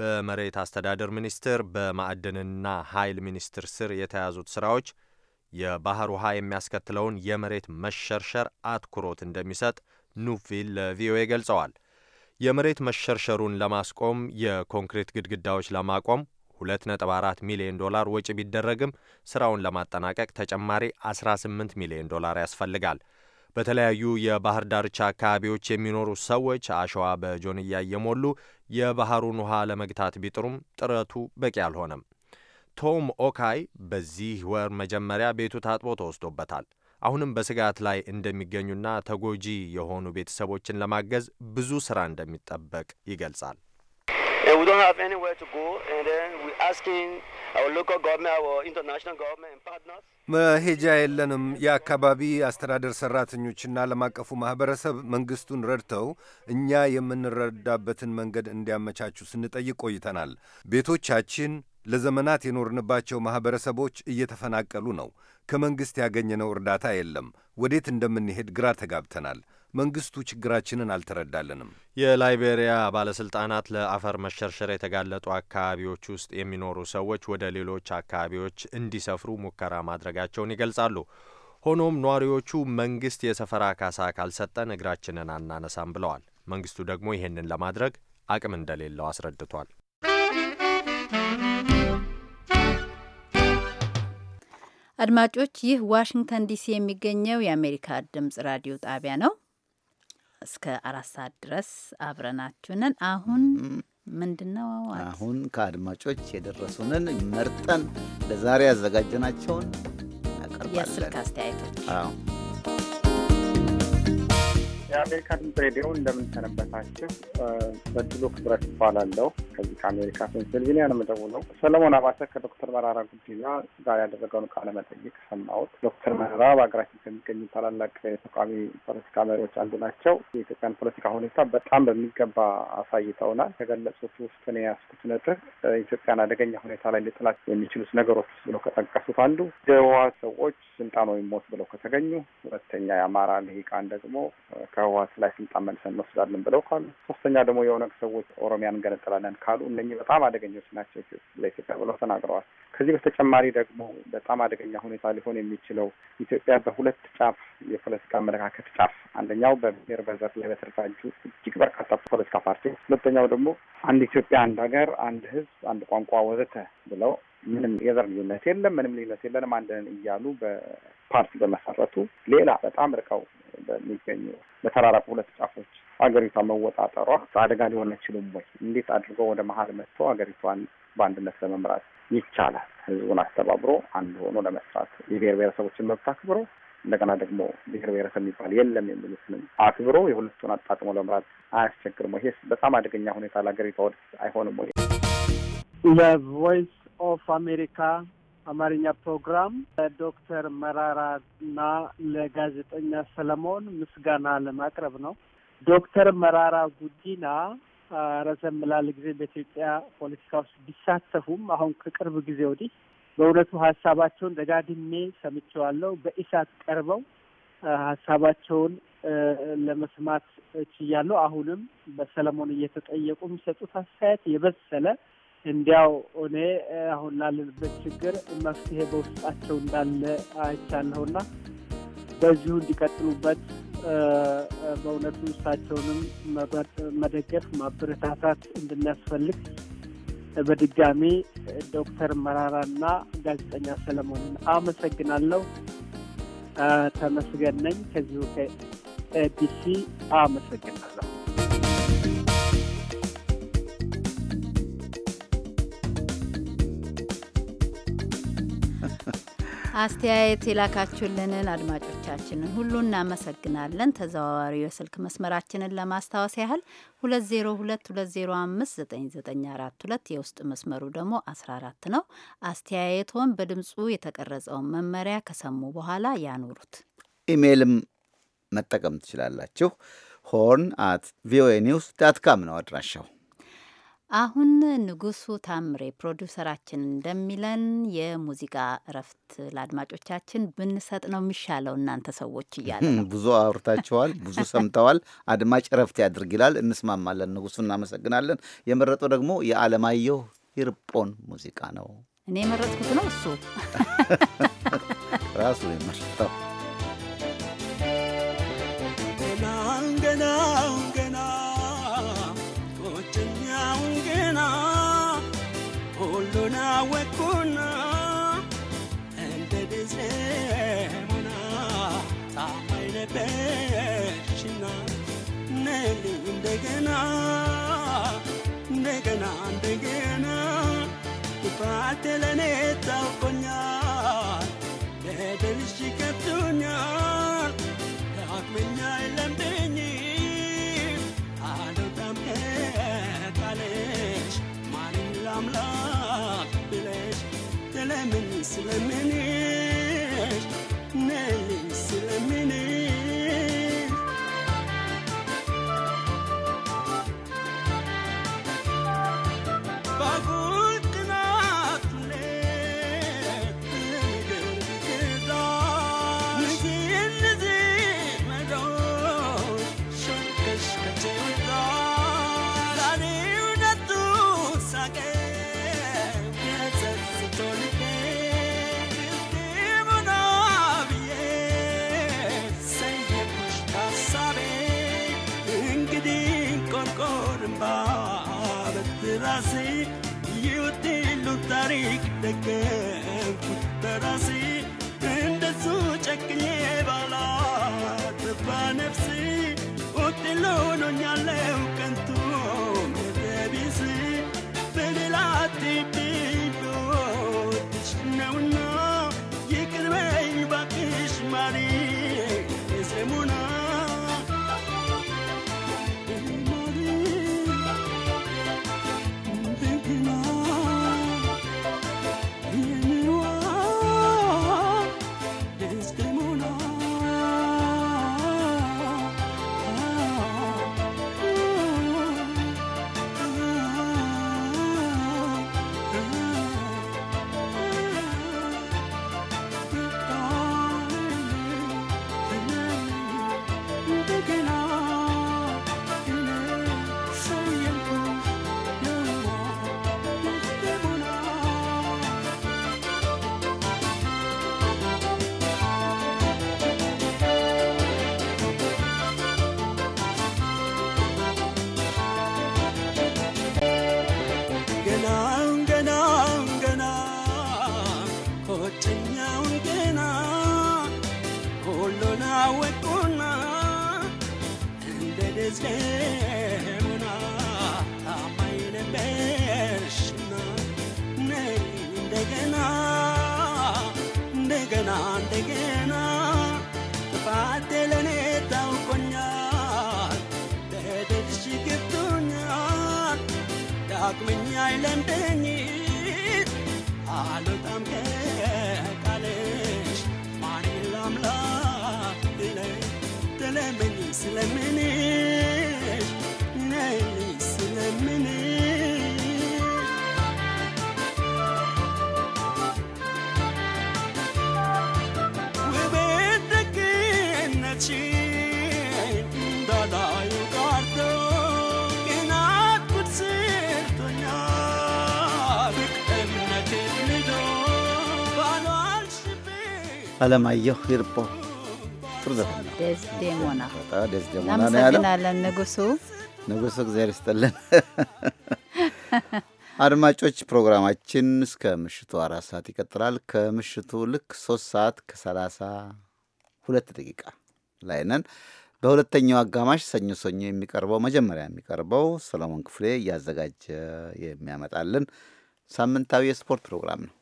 በመሬት አስተዳደር ሚኒስቴር በማዕድንና ኃይል ሚኒስቴር ስር የተያዙት ስራዎች የባህር ውሃ የሚያስከትለውን የመሬት መሸርሸር አትኩሮት እንደሚሰጥ ኑቪል ለቪኦኤ ገልጸዋል። የመሬት መሸርሸሩን ለማስቆም የኮንክሪት ግድግዳዎች ለማቆም 2.4 ሚሊዮን ዶላር ወጪ ቢደረግም ስራውን ለማጠናቀቅ ተጨማሪ 18 ሚሊዮን ዶላር ያስፈልጋል። በተለያዩ የባህር ዳርቻ አካባቢዎች የሚኖሩ ሰዎች አሸዋ በጆንያ እየሞሉ የባህሩን ውሃ ለመግታት ቢጥሩም ጥረቱ በቂ አልሆነም። ቶም ኦካይ በዚህ ወር መጀመሪያ ቤቱ ታጥቦ ተወስዶበታል። አሁንም በስጋት ላይ እንደሚገኙና ተጎጂ የሆኑ ቤተሰቦችን ለማገዝ ብዙ ሥራ እንደሚጠበቅ ይገልጻል። don't have anywhere to go, and then we're asking our local government, our international government and partners. መሄጃ የለንም። የአካባቢ አስተዳደር ሰራተኞችና ዓለም አቀፉ ማህበረሰብ መንግስቱን ረድተው እኛ የምንረዳበትን መንገድ እንዲያመቻቹ ስንጠይቅ ቆይተናል። ቤቶቻችን ለዘመናት የኖርንባቸው ማህበረሰቦች እየተፈናቀሉ ነው። ከመንግስት ያገኘነው እርዳታ የለም። ወዴት እንደምንሄድ ግራ ተጋብተናል። መንግስቱ ችግራችንን አልተረዳልንም። የላይቤሪያ ባለስልጣናት ለአፈር መሸርሸር የተጋለጡ አካባቢዎች ውስጥ የሚኖሩ ሰዎች ወደ ሌሎች አካባቢዎች እንዲሰፍሩ ሙከራ ማድረጋቸውን ይገልጻሉ። ሆኖም ነዋሪዎቹ መንግስት የሰፈራ ካሳ ካልሰጠን እግራችንን አናነሳም ብለዋል። መንግስቱ ደግሞ ይህንን ለማድረግ አቅም እንደሌለው አስረድቷል። አድማጮች፣ ይህ ዋሽንግተን ዲሲ የሚገኘው የአሜሪካ ድምጽ ራዲዮ ጣቢያ ነው። እስከ አራት ሰዓት ድረስ አብረናችሁንን አሁን ምንድነው አሁን ከአድማጮች የደረሱንን መርጠን ለዛሬ ያዘጋጀናቸውን ያቀርባለን። የስልክ አስተያየቶች የአሜሪካ ድምፅ ሬዲዮ እንደምንሰነበታችሁ። በድሎ ክብረት ይባላለሁ። ከዚህ ከአሜሪካ ፔንስልቪኒያ ነው የምደውለው። ሰለሞን አባተ ከዶክተር መራራ ጉዲና ጋር ያደረገውን ቃለ መጠይቅ ሰማሁት። ዶክተር መራራ በሀገራችን ከሚገኙ ታላላቅ የተቃዋሚ ፖለቲካ መሪዎች አንዱ ናቸው። የኢትዮጵያን ፖለቲካ ሁኔታ በጣም በሚገባ አሳይተውናል። ከገለጹት ውስጥ እኔ ያስኩት ነጥብ ኢትዮጵያን አደገኛ ሁኔታ ላይ ሊጥላት የሚችሉት ነገሮች ብለው ከጠቀሱት አንዱ የህወሓት ሰዎች ስልጣን ወይም ሞት ብለው ከተገኙ፣ ሁለተኛ የአማራ ልሂቃን ደግሞ ከህወሓት ላይ ስልጣን መልሰን እንወስዳለን ብለው ካሉ፣ ሶስተኛ ደግሞ የኦነግ ሰዎች ኦሮሚያን እንገነጠላለን ካሉ እነኚህ በጣም አደገኞች ናቸው ለኢትዮጵያ ብለው ተናግረዋል። ከዚህ በተጨማሪ ደግሞ በጣም አደገኛ ሁኔታ ሊሆን የሚችለው ኢትዮጵያ በሁለት ጫፍ የፖለቲካ አመለካከት ጫፍ፣ አንደኛው በብሔር በዘር ላይ በተደራጁ እጅግ በርካታ ፖለቲካ ፓርቲዎች፣ ሁለተኛው ደግሞ አንድ ኢትዮጵያ፣ አንድ ሀገር፣ አንድ ህዝብ፣ አንድ ቋንቋ ወዘተ ብለው ምንም የዘር ልዩነት የለም፣ ምንም ልዩነት የለንም፣ አንድ እያሉ በፓርቲ በመሰረቱ ሌላ በጣም ርቀው በሚገኙ በተራራቁ ሁለት ጫፎች ሀገሪቷ መወጣጠሯ አደጋ ሊሆን አይችሉም ወይ? እንዴት አድርጎ ወደ መሀል መጥቶ ሀገሪቷን በአንድነት ለመምራት ይቻላል? ህዝቡን አስተባብሮ አንድ ሆኖ ለመስራት የብሔር ብሔረሰቦችን መብት አክብሮ እንደገና ደግሞ ብሔር ብሔረሰብ የሚባል የለም የሚሉትንም አክብሮ የሁለቱን አጣጥሞ ለመምራት አያስቸግርም ወይ? በጣም አደገኛ ሁኔታ ለሀገሪቷ ወደ አይሆንም ወይ? ለቮይስ ኦፍ አሜሪካ አማርኛ ፕሮግራም ለዶክተር መራራ እና ለጋዜጠኛ ሰለሞን ምስጋና ለማቅረብ ነው። ዶክተር መራራ ጉዲና ረዘም ላለ ጊዜ በኢትዮጵያ ፖለቲካ ውስጥ ቢሳተፉም አሁን ከቅርብ ጊዜ ወዲህ በእውነቱ ሀሳባቸውን ደጋግሜ ሰምቼዋለሁ። በኢሳት ቀርበው ሀሳባቸውን ለመስማት ችያለሁ። አሁንም በሰለሞን እየተጠየቁ የሚሰጡት አስተያየት የበሰለ እንዲያው እኔ አሁን ላለንበት ችግር መፍትሄ በውስጣቸው እንዳለ አይቻለሁና በዚሁ እንዲቀጥሉበት በእውነቱ እሳቸውንም መደገፍ ማበረታታት እንድናስፈልግ በድጋሚ ዶክተር መራራና ጋዜጠኛ ሰለሞንን አመሰግናለሁ። ተመስገን ነኝ ከዚሁ ከኤቢሲ አመሰግናለሁ። አስተያየት የላካችሁልንን አድማጮቻችንን ሁሉ እናመሰግናለን። ተዘዋዋሪው የስልክ መስመራችንን ለማስታወስ ያህል 2022059942 የውስጥ መስመሩ ደግሞ 14 ነው። አስተያየቶን በድምፁ የተቀረጸውን መመሪያ ከሰሙ በኋላ ያኖሩት። ኢሜይልም መጠቀም ትችላላችሁ። ሆርን አት ቪኦኤ ኒውስ ዳት ካም ነው አድራሻው። አሁን ንጉሱ ታምሬ ፕሮዲውሰራችን እንደሚለን የሙዚቃ እረፍት ለአድማጮቻችን ብንሰጥ ነው የሚሻለው፣ እናንተ ሰዎች እያለ ብዙ አውርታችኋል፣ ብዙ ሰምተዋል። አድማጭ እረፍት ያድርግ ይላል። እንስማማለን። ንጉሱ እናመሰግናለን። የመረጠው ደግሞ የአለማየሁ ሂርጶን ሙዚቃ ነው። እኔ የመረጥኩት ነው እሱ ራሱ የመረጠው wekuna endeze mona ta mine be china ne lindegena ndegena ndegena ipatelene ta konya ne delishike tunya ta akmenya elendeni ስለምን ስለምንሽ ነይ ስለምን ታሪክ ደገምኩት በራሴ እንደሱ ጨክኜ ባላ ትባ ነፍሴ ሆቴል ሆኖኛለው አለማየሁ ይርፖ ጥሩ ዘፈን ነው። ንጉሱ ንጉሱ እግዚአብሔር ይስጥልን። አድማጮች ፕሮግራማችን እስከ ምሽቱ አራት ሰዓት ይቀጥላል። ከምሽቱ ልክ ሶስት ሰዓት ከሰላሳ ሁለት ደቂቃ ላይ ነን። በሁለተኛው አጋማሽ ሰኞ ሰኞ የሚቀርበው መጀመሪያ የሚቀርበው ሰለሞን ክፍሌ እያዘጋጀ የሚያመጣልን ሳምንታዊ የስፖርት ፕሮግራም ነው።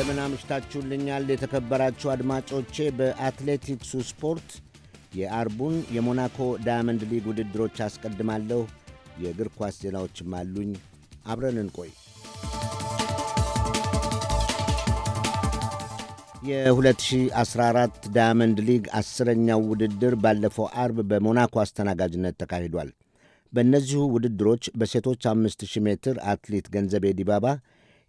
እንደምን አምሽታችሁልኛል የተከበራችሁ አድማጮቼ። በአትሌቲክሱ ስፖርት የአርቡን የሞናኮ ዳያመንድ ሊግ ውድድሮች አስቀድማለሁ። የእግር ኳስ ዜናዎችም አሉኝ። አብረን እንቆይ። የ2014 ዳያመንድ ሊግ አስረኛው ውድድር ባለፈው አርብ በሞናኮ አስተናጋጅነት ተካሂዷል። በእነዚሁ ውድድሮች በሴቶች 5000 ሜትር አትሌት ገንዘቤ ዲባባ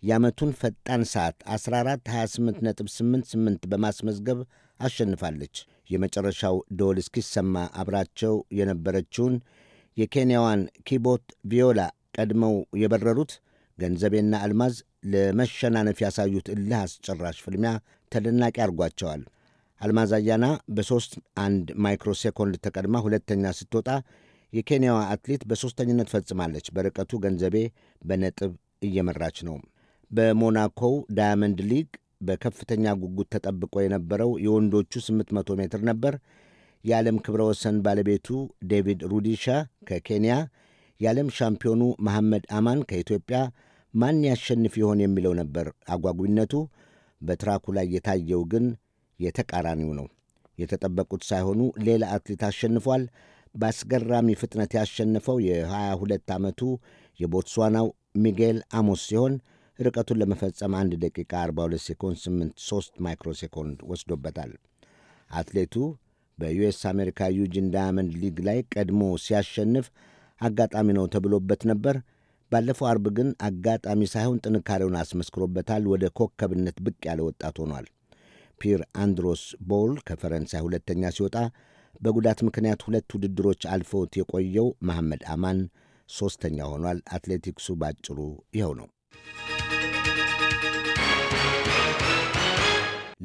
የዓመቱን ፈጣን ሰዓት 1428.88 በማስመዝገብ አሸንፋለች። የመጨረሻው ደወል እስኪሰማ አብራቸው የነበረችውን የኬንያዋን ኪቦት ቪዮላ ቀድመው የበረሩት ገንዘቤና አልማዝ ለመሸናነፍ ያሳዩት እልህ አስጨራሽ ፍልሚያ ተደናቂ አድርጓቸዋል። አልማዝ አያና በሦስት አንድ ማይክሮ ሴኮንድ ተቀድማ ሁለተኛ ስትወጣ የኬንያዋ አትሌት በሦስተኝነት ፈጽማለች። በርቀቱ ገንዘቤ በነጥብ እየመራች ነው። በሞናኮው ዳያመንድ ሊግ በከፍተኛ ጉጉት ተጠብቆ የነበረው የወንዶቹ 800 ሜትር ነበር። የዓለም ክብረ ወሰን ባለቤቱ ዴቪድ ሩዲሻ ከኬንያ፣ የዓለም ሻምፒዮኑ መሐመድ አማን ከኢትዮጵያ ማን ያሸንፍ ይሆን የሚለው ነበር አጓጉኝነቱ። በትራኩ ላይ የታየው ግን የተቃራኒው ነው። የተጠበቁት ሳይሆኑ ሌላ አትሌት አሸንፏል። በአስገራሚ ፍጥነት ያሸነፈው የ22 ዓመቱ የቦትስዋናው ሚጌል አሞስ ሲሆን ርቀቱን ለመፈጸም 1 ደቂቃ 42 ሴኮንድ 83 ማይክሮ ሴኮንድ ወስዶበታል። አትሌቱ በዩኤስ አሜሪካ ዩጂን ዳያመንድ ሊግ ላይ ቀድሞ ሲያሸንፍ አጋጣሚ ነው ተብሎበት ነበር። ባለፈው አርብ ግን አጋጣሚ ሳይሆን ጥንካሬውን አስመስክሮበታል። ወደ ኮከብነት ብቅ ያለ ወጣት ሆኗል። ፒር አንድሮስ ቦል ከፈረንሳይ ሁለተኛ ሲወጣ በጉዳት ምክንያት ሁለት ውድድሮች አልፈውት የቆየው መሐመድ አማን ሦስተኛ ሆኗል። አትሌቲክሱ ባጭሩ ይኸው ነው።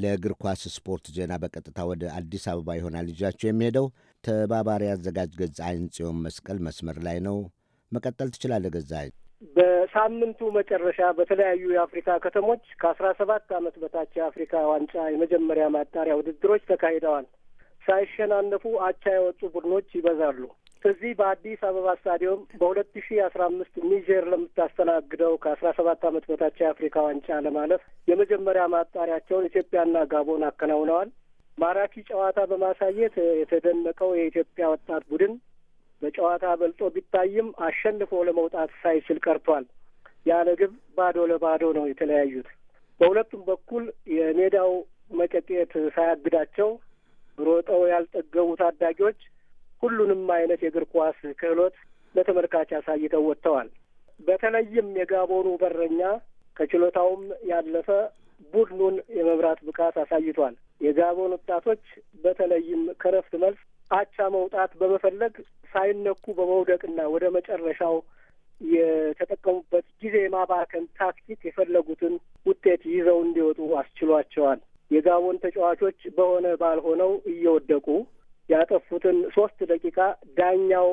ለእግር ኳስ ስፖርት ዜና በቀጥታ ወደ አዲስ አበባ ይሆናል ልጃቸው የሚሄደው። ተባባሪ አዘጋጅ ገዛኸኝ ጽዮን መስቀል መስመር ላይ ነው። መቀጠል ትችላለህ ገዛኸኝ። በሳምንቱ መጨረሻ በተለያዩ የአፍሪካ ከተሞች ከአስራ ሰባት ዓመት በታች የአፍሪካ ዋንጫ የመጀመሪያ ማጣሪያ ውድድሮች ተካሂደዋል። ሳይሸናነፉ አቻ የወጡ ቡድኖች ይበዛሉ። በዚህ በአዲስ አበባ ስታዲየም በሁለት ሺ አስራ አምስት ኒጀር ለምታስተናግደው ከአስራ ሰባት አመት በታች የአፍሪካ ዋንጫ ለማለፍ የመጀመሪያ ማጣሪያቸውን ኢትዮጵያና ጋቦን አከናውነዋል። ማራኪ ጨዋታ በማሳየት የተደነቀው የኢትዮጵያ ወጣት ቡድን በጨዋታ በልጦ ቢታይም አሸንፎ ለመውጣት ሳይችል ቀርቷል። ያለ ግብ ባዶ ለባዶ ነው የተለያዩት። በሁለቱም በኩል የሜዳው መቀጤት ሳያግዳቸው ሮጠው ያልጠገቡ ታዳጊዎች ሁሉንም አይነት የእግር ኳስ ክህሎት ለተመልካች አሳይተው ወጥተዋል። በተለይም የጋቦኑ በረኛ ከችሎታውም ያለፈ ቡድኑን የመብራት ብቃት አሳይቷል። የጋቦን ወጣቶች በተለይም ከረፍት መልስ አቻ መውጣት በመፈለግ ሳይነኩ በመውደቅና ወደ መጨረሻው የተጠቀሙበት ጊዜ ማባከን ታክቲክ የፈለጉትን ውጤት ይዘው እንዲወጡ አስችሏቸዋል። የጋቦን ተጫዋቾች በሆነ ባልሆነው እየወደቁ ያጠፉትን ሶስት ደቂቃ ዳኛው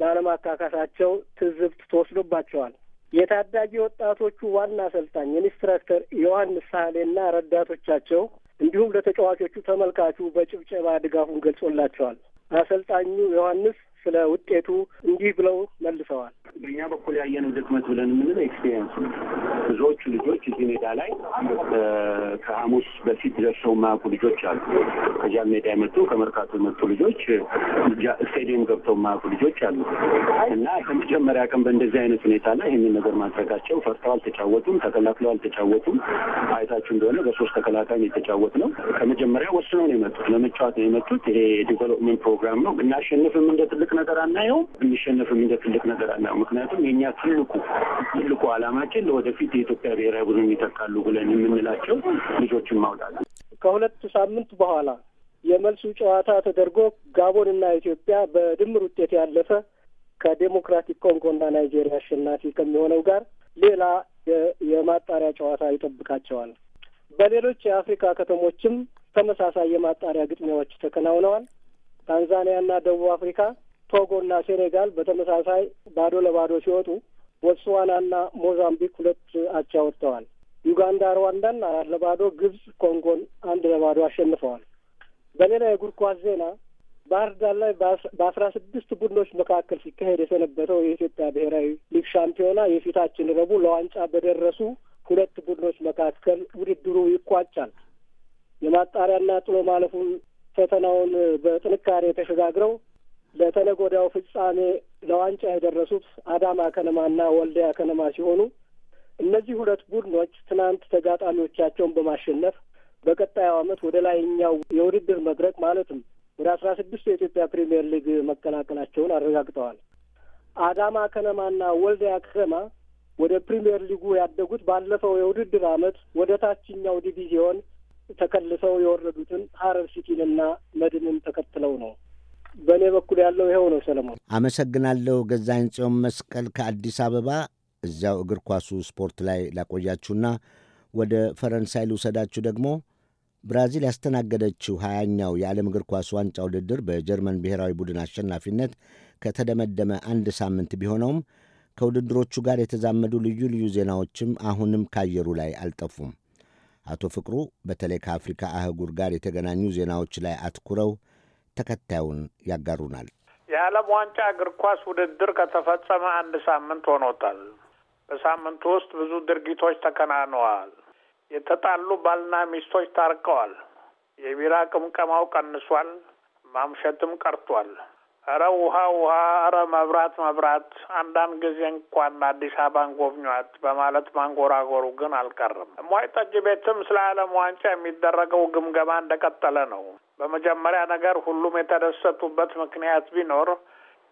ባለማካካሳቸው ትዝብት ተወስዶባቸዋል። የታዳጊ ወጣቶቹ ዋና አሰልጣኝ ኢንስትራክተር ዮሐንስ ሳህሌና ረዳቶቻቸው እንዲሁም ለተጫዋቾቹ ተመልካቹ በጭብጨባ ድጋፉን ገልጾላቸዋል። አሰልጣኙ ዮሐንስ ስለ ውጤቱ እንዲህ ብለው መልሰዋል። በእኛ በኩል ያየነው ድክመት ብለን የምንለው ኤክስፔሪንስ ብዙዎቹ ልጆች እዚህ ሜዳ ላይ ከሐሙስ በፊት ደርሰው የማያውቁ ልጆች አሉ። ከጃን ሜዳ የመጡ ከመርካቶ የመጡ ልጆች ስቴዲየም ገብተው የማያውቁ ልጆች አሉ እና ከመጀመሪያ ቀን በእንደዚህ አይነት ሁኔታ ላይ ይህንን ነገር ማድረጋቸው ፈርተው አልተጫወቱም፣ ተከላክለው አልተጫወቱም። አይታችሁ እንደሆነ በሶስት ተከላካይ የተጫወት ነው። ከመጀመሪያ ወስነው ነው የመጡት፣ ለመጫወት ነው የመጡት። ይሄ ዲቨሎፕመንት ፕሮግራም ነው። ብናሸንፍም እንደ ትልቅ ነገር አናየውም፣ ብንሸነፍም እንደ ትልቅ ነገር አናየው። ምክንያቱም የእኛ ትልቁ ትልቁ አላማችን ለወደፊት የኢትዮጵያ ብሔራዊ ቡድን ይተካሉ ብለን የምንላቸው ልጆችን ማውጣት። ከሁለት ሳምንት በኋላ የመልሱ ጨዋታ ተደርጎ ጋቦን እና ኢትዮጵያ በድምር ውጤት ያለፈ ከዴሞክራቲክ ኮንጎና ናይጄሪያ አሸናፊ ከሚሆነው ጋር ሌላ የማጣሪያ ጨዋታ ይጠብቃቸዋል። በሌሎች የአፍሪካ ከተሞችም ተመሳሳይ የማጣሪያ ግጥሚያዎች ተከናውነዋል። ታንዛኒያና ደቡብ አፍሪካ ና ሴኔጋል በተመሳሳይ ባዶ ለባዶ ሲወጡ ቦትስዋና እና ሞዛምቢክ ሁለት አቻ ወጥተዋል። ዩጋንዳ ሩዋንዳን አራት ለባዶ፣ ግብጽ ኮንጎን አንድ ለባዶ አሸንፈዋል። በሌላ የእግር ኳስ ዜና ባህር ዳር ላይ በአስራ ስድስት ቡድኖች መካከል ሲካሄድ የሰነበተው የኢትዮጵያ ብሔራዊ ሊግ ሻምፒዮና የፊታችን ረቡዕ ለዋንጫ በደረሱ ሁለት ቡድኖች መካከል ውድድሩ ይቋጫል። የማጣሪያና ጥሎ ማለፉን ፈተናውን በጥንካሬ ተሸጋግረው ለተነጎዳው ፍጻሜ ለዋንጫ የደረሱት አዳማ ከነማና ወልዲያ ከነማ ሲሆኑ እነዚህ ሁለት ቡድኖች ትናንት ተጋጣሚዎቻቸውን በማሸነፍ በቀጣዩ ዓመት ወደ ላይኛው የውድድር መድረክ ማለትም ወደ አስራ ስድስቱ የኢትዮጵያ ፕሪምየር ሊግ መቀላቀላቸውን አረጋግጠዋል። አዳማ ከነማና ወልዲያ ከነማ ወደ ፕሪምየር ሊጉ ያደጉት ባለፈው የውድድር ዓመት ወደ ታችኛው ዲቪዚዮን ተከልሰው የወረዱትን ሀረር ሲቲንና መድንን ተከትለው ነው። በእኔ በኩል ያለው ይኸው ነው ሰለሞን። አመሰግናለሁ። ገዛኝ ጽዮን መስቀል ከአዲስ አበባ። እዚያው እግር ኳሱ ስፖርት ላይ ላቆያችሁና ወደ ፈረንሳይ ልውሰዳችሁ ደግሞ ብራዚል ያስተናገደችው ሀያኛው የዓለም እግር ኳስ ዋንጫ ውድድር በጀርመን ብሔራዊ ቡድን አሸናፊነት ከተደመደመ አንድ ሳምንት ቢሆነውም ከውድድሮቹ ጋር የተዛመዱ ልዩ ልዩ ዜናዎችም አሁንም ካየሩ ላይ አልጠፉም። አቶ ፍቅሩ በተለይ ከአፍሪካ አህጉር ጋር የተገናኙ ዜናዎች ላይ አትኩረው ተከታዩን ያጋሩናል። የዓለም ዋንጫ እግር ኳስ ውድድር ከተፈጸመ አንድ ሳምንት ሆኖታል። በሳምንቱ ውስጥ ብዙ ድርጊቶች ተከናንነዋል። የተጣሉ ባልና ሚስቶች ታርቀዋል። የቢራ ቅምቀማው ቀንሷል። ማምሸትም ቀርቷል። እረ ውሃ ውሃ፣ እረ መብራት መብራት፣ አንዳንድ ጊዜ እንኳን አዲስ አበባን ጎብኟት በማለት ማንጎራጎሩ ግን አልቀርም። ሟይ ጠጅ ቤትም ስለ ዓለም ዋንጫ የሚደረገው ግምገማ እንደቀጠለ ነው። በመጀመሪያ ነገር ሁሉም የተደሰቱበት ምክንያት ቢኖር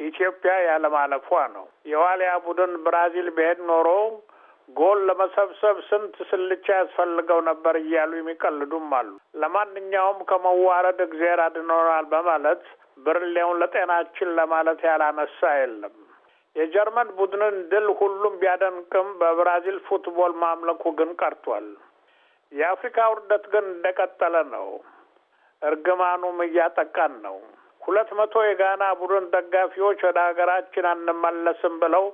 ኢትዮጵያ ያለማለፏ ነው። የዋሊያ ቡድን ብራዚል ብሄድ ኖሮ ጎል ለመሰብሰብ ስንት ስልቻ ያስፈልገው ነበር እያሉ የሚቀልዱም አሉ። ለማንኛውም ከመዋረድ እግዜር አድኖናል በማለት ብርሌውን ለጤናችን ለማለት ያላነሳ የለም። የጀርመን ቡድንን ድል ሁሉም ቢያደንቅም በብራዚል ፉትቦል ማምለኩ ግን ቀርቷል። የአፍሪካ ውርደት ግን እንደቀጠለ ነው። እርግማኑም እያጠቃን ነው። ሁለት መቶ የጋና ቡድን ደጋፊዎች ወደ ሀገራችን አንመለስም ብለው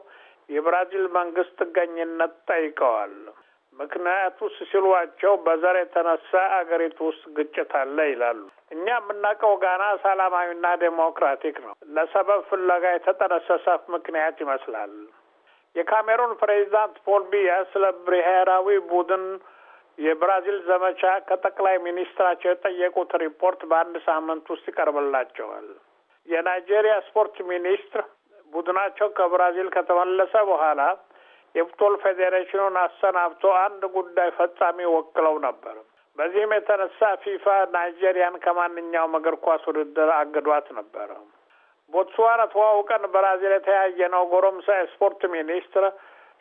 የብራዚል መንግስት ጥገኝነት ጠይቀዋል። ምክንያቱ ሲሏቸው በዘር የተነሳ አገሪቱ ውስጥ ግጭት አለ ይላሉ። እኛ የምናውቀው ጋና ሰላማዊና ዴሞክራቲክ ነው። ለሰበብ ፍለጋ የተጠነሰሰ ምክንያት ይመስላል። የካሜሩን ፕሬዚዳንት ፖል ቢያ ስለ ብሔራዊ ቡድን የብራዚል ዘመቻ ከጠቅላይ ሚኒስትራቸው የጠየቁት ሪፖርት በአንድ ሳምንት ውስጥ ይቀርብላቸዋል። የናይጄሪያ ስፖርት ሚኒስትር ቡድናቸው ከብራዚል ከተመለሰ በኋላ የፉትቦል ፌዴሬሽኑን አሰናብቶ አንድ ጉዳይ ፈጻሚ ወክለው ነበር። በዚህም የተነሳ ፊፋ ናይጄሪያን ከማንኛውም እግር ኳስ ውድድር አግዷት ነበረ። ቦትስዋና ተዋውቀን ብራዚል የተያየ ነው ጎረምሳ የስፖርት ሚኒስትር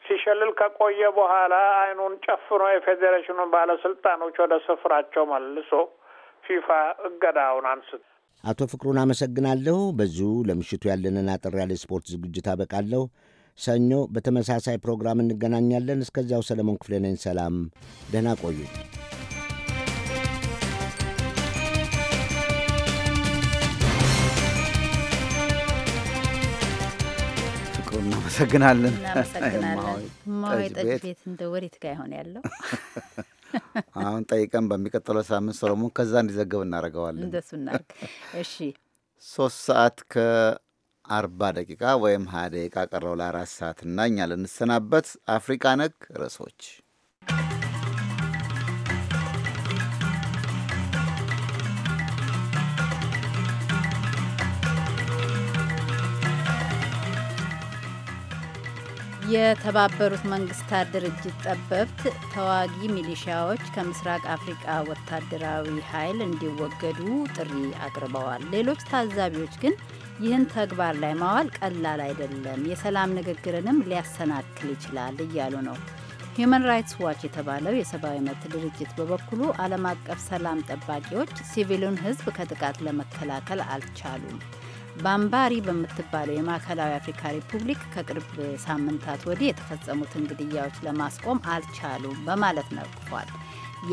ሲሸልል ከቆየ በኋላ አይኑን ጨፍኖ የፌዴሬሽኑ ባለስልጣኖች ወደ ስፍራቸው መልሶ ፊፋ እገዳውን አንስቶ አቶ ፍቅሩን አመሰግናለሁ። በዚሁ ለምሽቱ ያለንን አጠር ያለ ስፖርት ዝግጅት አበቃለሁ። ሰኞ በተመሳሳይ ፕሮግራም እንገናኛለን። እስከዚያው ሰለሞን ክፍሌ ነኝ። ሰላም፣ ደህና ቆዩ። እናመሰግናለን። ጠጅ ቤት እንደ ወዴት ጋር ይሆን ያለው? አሁን ጠይቀን በሚቀጥለው ሳምንት ሰሎሞን ከዛ እንዲዘገብ እናደርገዋለን። እንደሱ እናርግ። እሺ ሶስት ሰዓት ከ አርባ ደቂቃ ወይም ሀያ ደቂቃ ቀረው ለአራት ሰዓት እና እኛ ልንሰናበት አፍሪቃ ነክ ርዕሶች የተባበሩት መንግስታት ድርጅት ጠበብት ተዋጊ ሚሊሺያዎች ከምስራቅ አፍሪቃ ወታደራዊ ኃይል እንዲወገዱ ጥሪ አቅርበዋል። ሌሎች ታዛቢዎች ግን ይህን ተግባር ላይ ማዋል ቀላል አይደለም፣ የሰላም ንግግርንም ሊያሰናክል ይችላል እያሉ ነው። ሂዩማን ራይትስ ዋች የተባለው የሰብአዊ መብት ድርጅት በበኩሉ ዓለም አቀፍ ሰላም ጠባቂዎች ሲቪሉን ሕዝብ ከጥቃት ለመከላከል አልቻሉም። ባምባሪ በምትባለው የማዕከላዊ አፍሪካ ሪፑብሊክ ከቅርብ ሳምንታት ወዲህ የተፈጸሙትን ግድያዎች ለማስቆም አልቻሉም በማለት ነቅፏል።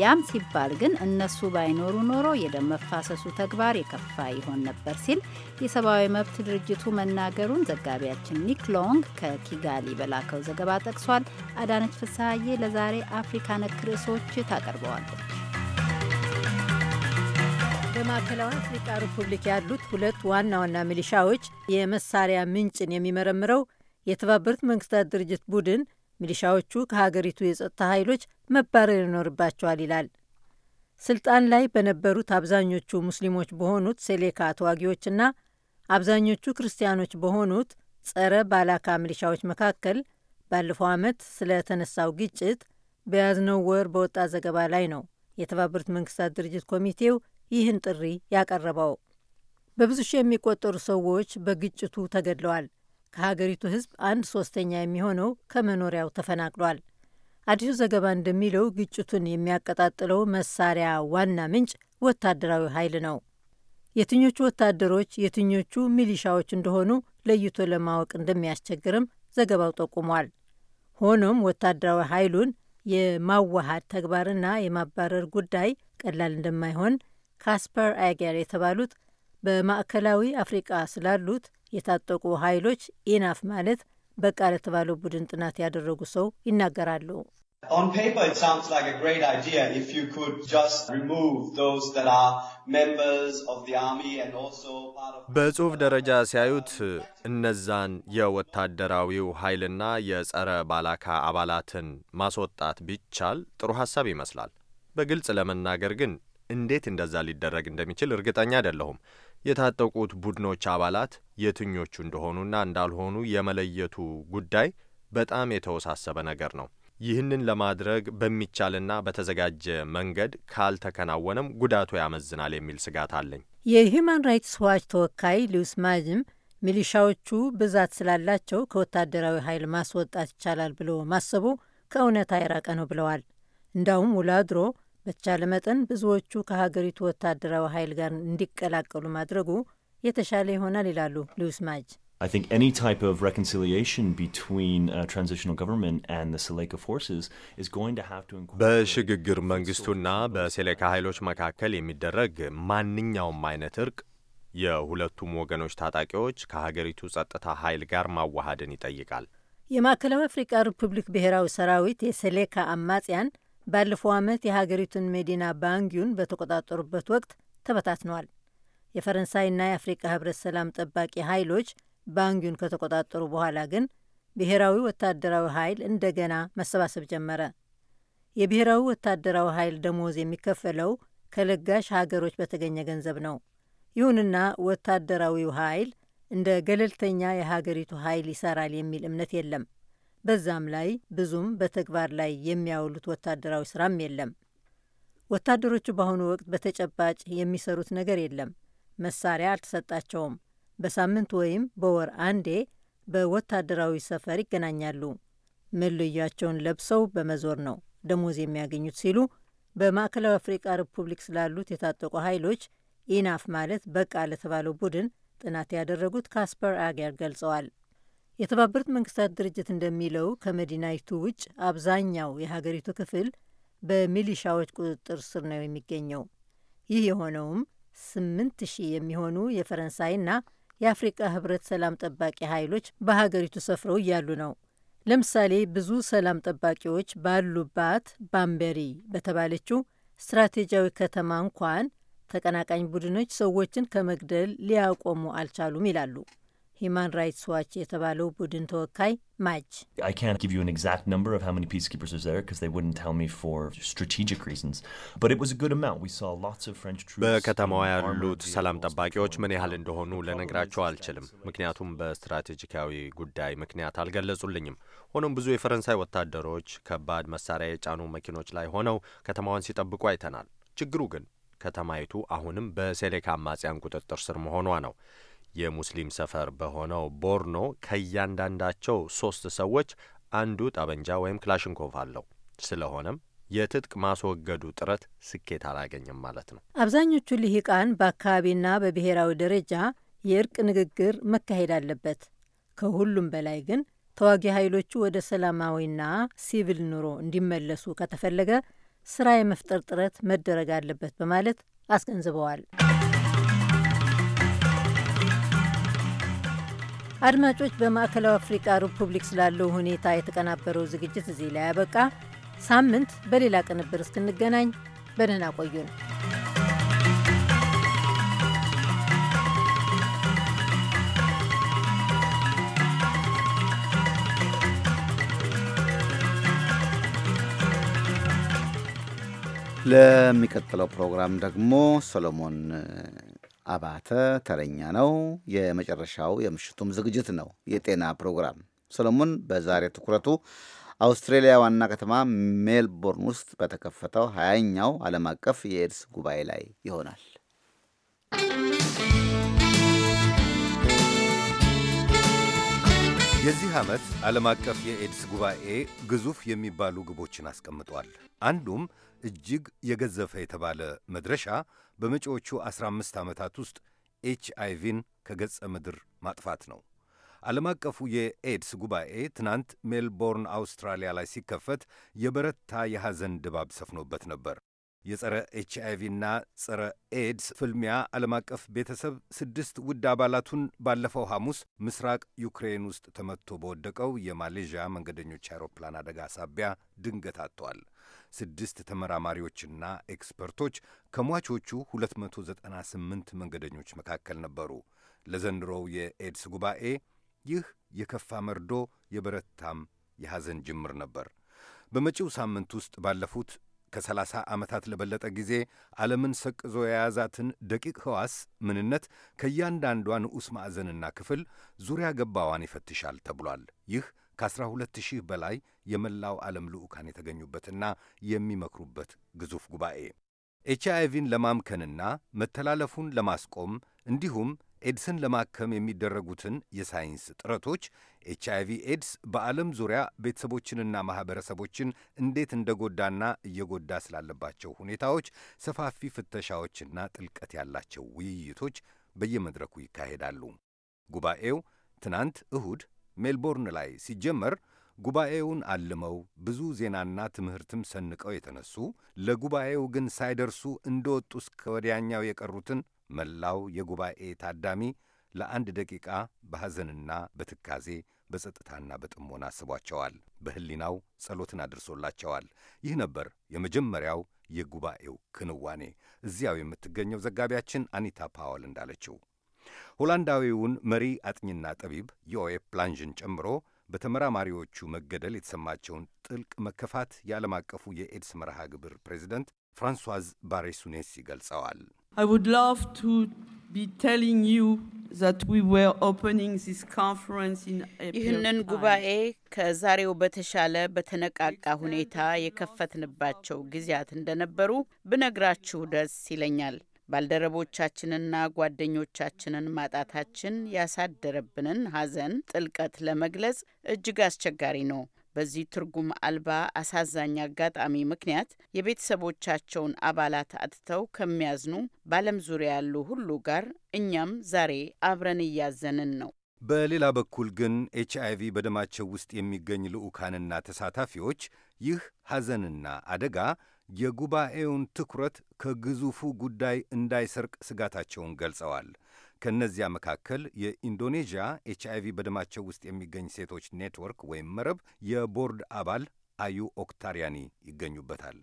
ያም ሲባል ግን እነሱ ባይኖሩ ኖሮ የደም መፋሰሱ ተግባር የከፋ ይሆን ነበር ሲል የሰብአዊ መብት ድርጅቱ መናገሩን ዘጋቢያችን ኒክ ሎንግ ከኪጋሊ በላከው ዘገባ ጠቅሷል። አዳነች ፍስሐዬ ለዛሬ አፍሪካ ነክ ርዕሶች ታቀርበዋለች። በማዕከላዊ አፍሪቃ ሪፑብሊክ ያሉት ሁለት ዋና ዋና ሚሊሻዎች የመሳሪያ ምንጭን የሚመረምረው የተባበሩት መንግስታት ድርጅት ቡድን ሚሊሻዎቹ ከሀገሪቱ የጸጥታ ኃይሎች መባረር ይኖርባቸዋል ይላል። ስልጣን ላይ በነበሩት አብዛኞቹ ሙስሊሞች በሆኑት ሴሌካ ተዋጊዎችና አብዛኞቹ ክርስቲያኖች በሆኑት ጸረ ባላካ ሚሊሻዎች መካከል ባለፈው ዓመት ስለተነሳው ግጭት በያዝነው ወር በወጣ ዘገባ ላይ ነው የተባበሩት መንግስታት ድርጅት ኮሚቴው ይህን ጥሪ ያቀረበው። በብዙ ሺህ የሚቆጠሩ ሰዎች በግጭቱ ተገድለዋል። ከሀገሪቱ ሕዝብ አንድ ሶስተኛ የሚሆነው ከመኖሪያው ተፈናቅሏል። አዲሱ ዘገባ እንደሚለው ግጭቱን የሚያቀጣጥለው መሳሪያ ዋና ምንጭ ወታደራዊ ኃይል ነው። የትኞቹ ወታደሮች የትኞቹ ሚሊሻዎች እንደሆኑ ለይቶ ለማወቅ እንደሚያስቸግርም ዘገባው ጠቁሟል። ሆኖም ወታደራዊ ኃይሉን የማዋሃድ ተግባርና የማባረር ጉዳይ ቀላል እንደማይሆን ካስፐር አገር የተባሉት በማዕከላዊ አፍሪቃ ስላሉት የታጠቁ ኃይሎች ኢናፍ ማለት በቃ ለተባለው ቡድን ጥናት ያደረጉ ሰው ይናገራሉ። በጽሁፍ ደረጃ ሲያዩት እነዛን የወታደራዊው ኃይልና የጸረ ባላካ አባላትን ማስወጣት ቢቻል ጥሩ ሀሳብ ይመስላል። በግልጽ ለመናገር ግን እንዴት እንደዛ ሊደረግ እንደሚችል እርግጠኛ አይደለሁም። የታጠቁት ቡድኖች አባላት የትኞቹ እንደሆኑና እንዳልሆኑ የመለየቱ ጉዳይ በጣም የተወሳሰበ ነገር ነው። ይህንን ለማድረግ በሚቻልና በተዘጋጀ መንገድ ካልተከናወነም ጉዳቱ ያመዝናል የሚል ስጋት አለኝ። የሂዩማን ራይትስ ዋች ተወካይ ሊዩስ ማጅም ሚሊሻዎቹ ብዛት ስላላቸው ከወታደራዊ ኃይል ማስወጣት ይቻላል ብሎ ማሰቡ ከእውነት የራቀ ነው ብለዋል። እንዳውም ውሎ አድሮ በተቻለ መጠን ብዙዎቹ ከሀገሪቱ ወታደራዊ ኃይል ጋር እንዲቀላቀሉ ማድረጉ የተሻለ ይሆናል ይላሉ ሉዊስ ማጅ። በሽግግር መንግስቱና በሴሌካ ኃይሎች መካከል የሚደረግ ማንኛውም አይነት እርቅ የሁለቱም ወገኖች ታጣቂዎች ከሀገሪቱ ጸጥታ ኃይል ጋር ማዋሃድን ይጠይቃል። የማዕከላዊ አፍሪቃ ሪፑብሊክ ብሔራዊ ሰራዊት የሴሌካ አማጽያን ባለፈው ዓመት የሀገሪቱን መዲና ባንጊዩን በተቆጣጠሩበት ወቅት ተበታትነዋል። የፈረንሳይና የአፍሪቃ ህብረት ሰላም ጠባቂ ኃይሎች ባንጊዩን ከተቆጣጠሩ በኋላ ግን ብሔራዊ ወታደራዊ ኃይል እንደገና መሰባሰብ ጀመረ። የብሔራዊ ወታደራዊ ኃይል ደሞዝ የሚከፈለው ከለጋሽ ሀገሮች በተገኘ ገንዘብ ነው። ይሁንና ወታደራዊው ኃይል እንደ ገለልተኛ የሀገሪቱ ኃይል ይሰራል የሚል እምነት የለም። በዛም ላይ ብዙም በተግባር ላይ የሚያውሉት ወታደራዊ ስራም የለም። ወታደሮቹ በአሁኑ ወቅት በተጨባጭ የሚሰሩት ነገር የለም። መሳሪያ አልተሰጣቸውም። በሳምንት ወይም በወር አንዴ በወታደራዊ ሰፈር ይገናኛሉ። መለያቸውን ለብሰው በመዞር ነው ደሞዝ የሚያገኙት ሲሉ በማዕከላዊ አፍሪቃ ሪፑብሊክ ስላሉት የታጠቁ ኃይሎች ኢናፍ ማለት በቃ ለተባለው ቡድን ጥናት ያደረጉት ካስፐር አገር ገልጸዋል። የተባበሩት መንግስታት ድርጅት እንደሚለው ከመዲናይቱ ውጭ አብዛኛው የሀገሪቱ ክፍል በሚሊሻዎች ቁጥጥር ስር ነው የሚገኘው። ይህ የሆነውም ስምንት ሺህ የሚሆኑ የፈረንሳይና የአፍሪቃ ህብረት ሰላም ጠባቂ ኃይሎች በሀገሪቱ ሰፍረው እያሉ ነው። ለምሳሌ ብዙ ሰላም ጠባቂዎች ባሉባት ባምበሪ በተባለችው ስትራቴጂያዊ ከተማ እንኳን ተቀናቃኝ ቡድኖች ሰዎችን ከመግደል ሊያቆሙ አልቻሉም ይላሉ። ሂማን ራይትስ ዋች የተባለው ቡድን ተወካይ ማች በከተማዋ ያሉት ሰላም ጠባቂዎች ምን ያህል እንደሆኑ ልነግራቸው አልችልም፣ ምክንያቱም በስትራቴጂካዊ ጉዳይ ምክንያት አልገለጹልኝም። ሆኖም ብዙ የፈረንሳይ ወታደሮች ከባድ መሳሪያ የጫኑ መኪኖች ላይ ሆነው ከተማዋን ሲጠብቁ አይተናል። ችግሩ ግን ከተማይቱ አሁንም በሴሌካ አማጽያን ቁጥጥር ስር መሆኗ ነው። የሙስሊም ሰፈር በሆነው ቦርኖ ከእያንዳንዳቸው ሶስት ሰዎች አንዱ ጠበንጃ ወይም ክላሽንኮቭ አለው። ስለሆነም የትጥቅ ማስወገዱ ጥረት ስኬት አላገኘም ማለት ነው። አብዛኞቹ ልሂቃን በአካባቢና በብሔራዊ ደረጃ የእርቅ ንግግር መካሄድ አለበት። ከሁሉም በላይ ግን ተዋጊ ኃይሎቹ ወደ ሰላማዊና ሲቪል ኑሮ እንዲመለሱ ከተፈለገ ስራ የመፍጠር ጥረት መደረግ አለበት በማለት አስገንዝበዋል። አድማጮች፣ በማዕከላዊ አፍሪቃ ሪፑብሊክ ስላለው ሁኔታ የተቀናበረው ዝግጅት እዚህ ላይ ያበቃ። ሳምንት በሌላ ቅንብር እስክንገናኝ በደህና ቆዩን። ለሚቀጥለው ፕሮግራም ደግሞ ሰሎሞን አባተ ተረኛ ነው። የመጨረሻው የምሽቱም ዝግጅት ነው የጤና ፕሮግራም። ሰሎሞን በዛሬ ትኩረቱ አውስትሬሊያ ዋና ከተማ ሜልቦርን ውስጥ በተከፈተው ሀያኛው ዓለም አቀፍ የኤድስ ጉባኤ ላይ ይሆናል። የዚህ ዓመት ዓለም አቀፍ የኤድስ ጉባኤ ግዙፍ የሚባሉ ግቦችን አስቀምጧል። አንዱም እጅግ የገዘፈ የተባለ መድረሻ በመጪዎቹ 15 ዓመታት ውስጥ ኤች አይቪን ከገጸ ምድር ማጥፋት ነው። ዓለም አቀፉ የኤድስ ጉባኤ ትናንት ሜልቦርን አውስትራሊያ ላይ ሲከፈት የበረታ የሐዘን ድባብ ሰፍኖበት ነበር። የጸረ ኤች አይቪና ጸረ ኤድስ ፍልሚያ ዓለም አቀፍ ቤተሰብ ስድስት ውድ አባላቱን ባለፈው ሐሙስ ምስራቅ ዩክሬን ውስጥ ተመትቶ በወደቀው የማሌዥያ መንገደኞች አይሮፕላን አደጋ ሳቢያ ድንገት አጥተዋል። ስድስት ተመራማሪዎችና ኤክስፐርቶች ከሟቾቹ 298 መንገደኞች መካከል ነበሩ። ለዘንድሮው የኤድስ ጉባኤ ይህ የከፋ መርዶ የበረታም የሐዘን ጅምር ነበር። በመጪው ሳምንት ውስጥ ባለፉት ከ30 ዓመታት ለበለጠ ጊዜ ዓለምን ሰቅዞ የያዛትን ደቂቅ ሕዋስ ምንነት ከእያንዳንዷ ንዑስ ማዕዘንና ክፍል ዙሪያ ገባዋን ይፈትሻል ተብሏል። ይህ ከ12 ሺህ በላይ የመላው ዓለም ልዑካን የተገኙበትና የሚመክሩበት ግዙፍ ጉባኤ ኤች ቪን ለማምከንና መተላለፉን ለማስቆም እንዲሁም ኤድስን ለማከም የሚደረጉትን የሳይንስ ጥረቶች ኤች አይቪ ኤድስ በዓለም ዙሪያ ቤተሰቦችንና ማኅበረሰቦችን እንዴት እንደጎዳና እየጎዳ ስላለባቸው ሁኔታዎች ሰፋፊ ፍተሻዎችና ጥልቀት ያላቸው ውይይቶች በየመድረኩ ይካሄዳሉ። ጉባኤው ትናንት እሁድ ሜልቦርን ላይ ሲጀመር ጉባኤውን አልመው ብዙ ዜናና ትምህርትም ሰንቀው የተነሱ ለጉባኤው ግን ሳይደርሱ እንደወጡ እስከ ወዲያኛው የቀሩትን መላው የጉባኤ ታዳሚ ለአንድ ደቂቃ በሐዘንና በትካዜ በጸጥታና በጥሞና አስቧቸዋል። በሕሊናው ጸሎትን አድርሶላቸዋል። ይህ ነበር የመጀመሪያው የጉባኤው ክንዋኔ። እዚያው የምትገኘው ዘጋቢያችን አኒታ ፓወል እንዳለችው ሆላንዳዊውን መሪ አጥኚና ጠቢብ ዮኤፕ ፕላንዥን ጨምሮ በተመራማሪዎቹ መገደል የተሰማቸውን ጥልቅ መከፋት የዓለም አቀፉ የኤድስ መርሃ ግብር ፕሬዚደንት ፍራንሷዝ ባሬሱኔስ ይገልጸዋል። ይህንን ጉባኤ ከዛሬው በተሻለ በተነቃቃ ሁኔታ የከፈትንባቸው ጊዜያት እንደነበሩ ብነግራችሁ ደስ ይለኛል። ባልደረቦቻችንና ጓደኞቻችንን ማጣታችን ያሳደረብንን ሐዘን ጥልቀት ለመግለጽ እጅግ አስቸጋሪ ነው። በዚህ ትርጉም አልባ አሳዛኝ አጋጣሚ ምክንያት የቤተሰቦቻቸውን አባላት አጥተው ከሚያዝኑ በዓለም ዙሪያ ያሉ ሁሉ ጋር እኛም ዛሬ አብረን እያዘንን ነው። በሌላ በኩል ግን ኤች አይቪ በደማቸው ውስጥ የሚገኝ ልዑካንና ተሳታፊዎች ይህ ሐዘንና አደጋ የጉባኤውን ትኩረት ከግዙፉ ጉዳይ እንዳይሰርቅ ስጋታቸውን ገልጸዋል። ከእነዚያ መካከል የኢንዶኔዥያ ኤች አይቪ በደማቸው ውስጥ የሚገኝ ሴቶች ኔትወርክ ወይም መረብ የቦርድ አባል አዩ ኦክታሪያኒ ይገኙበታል።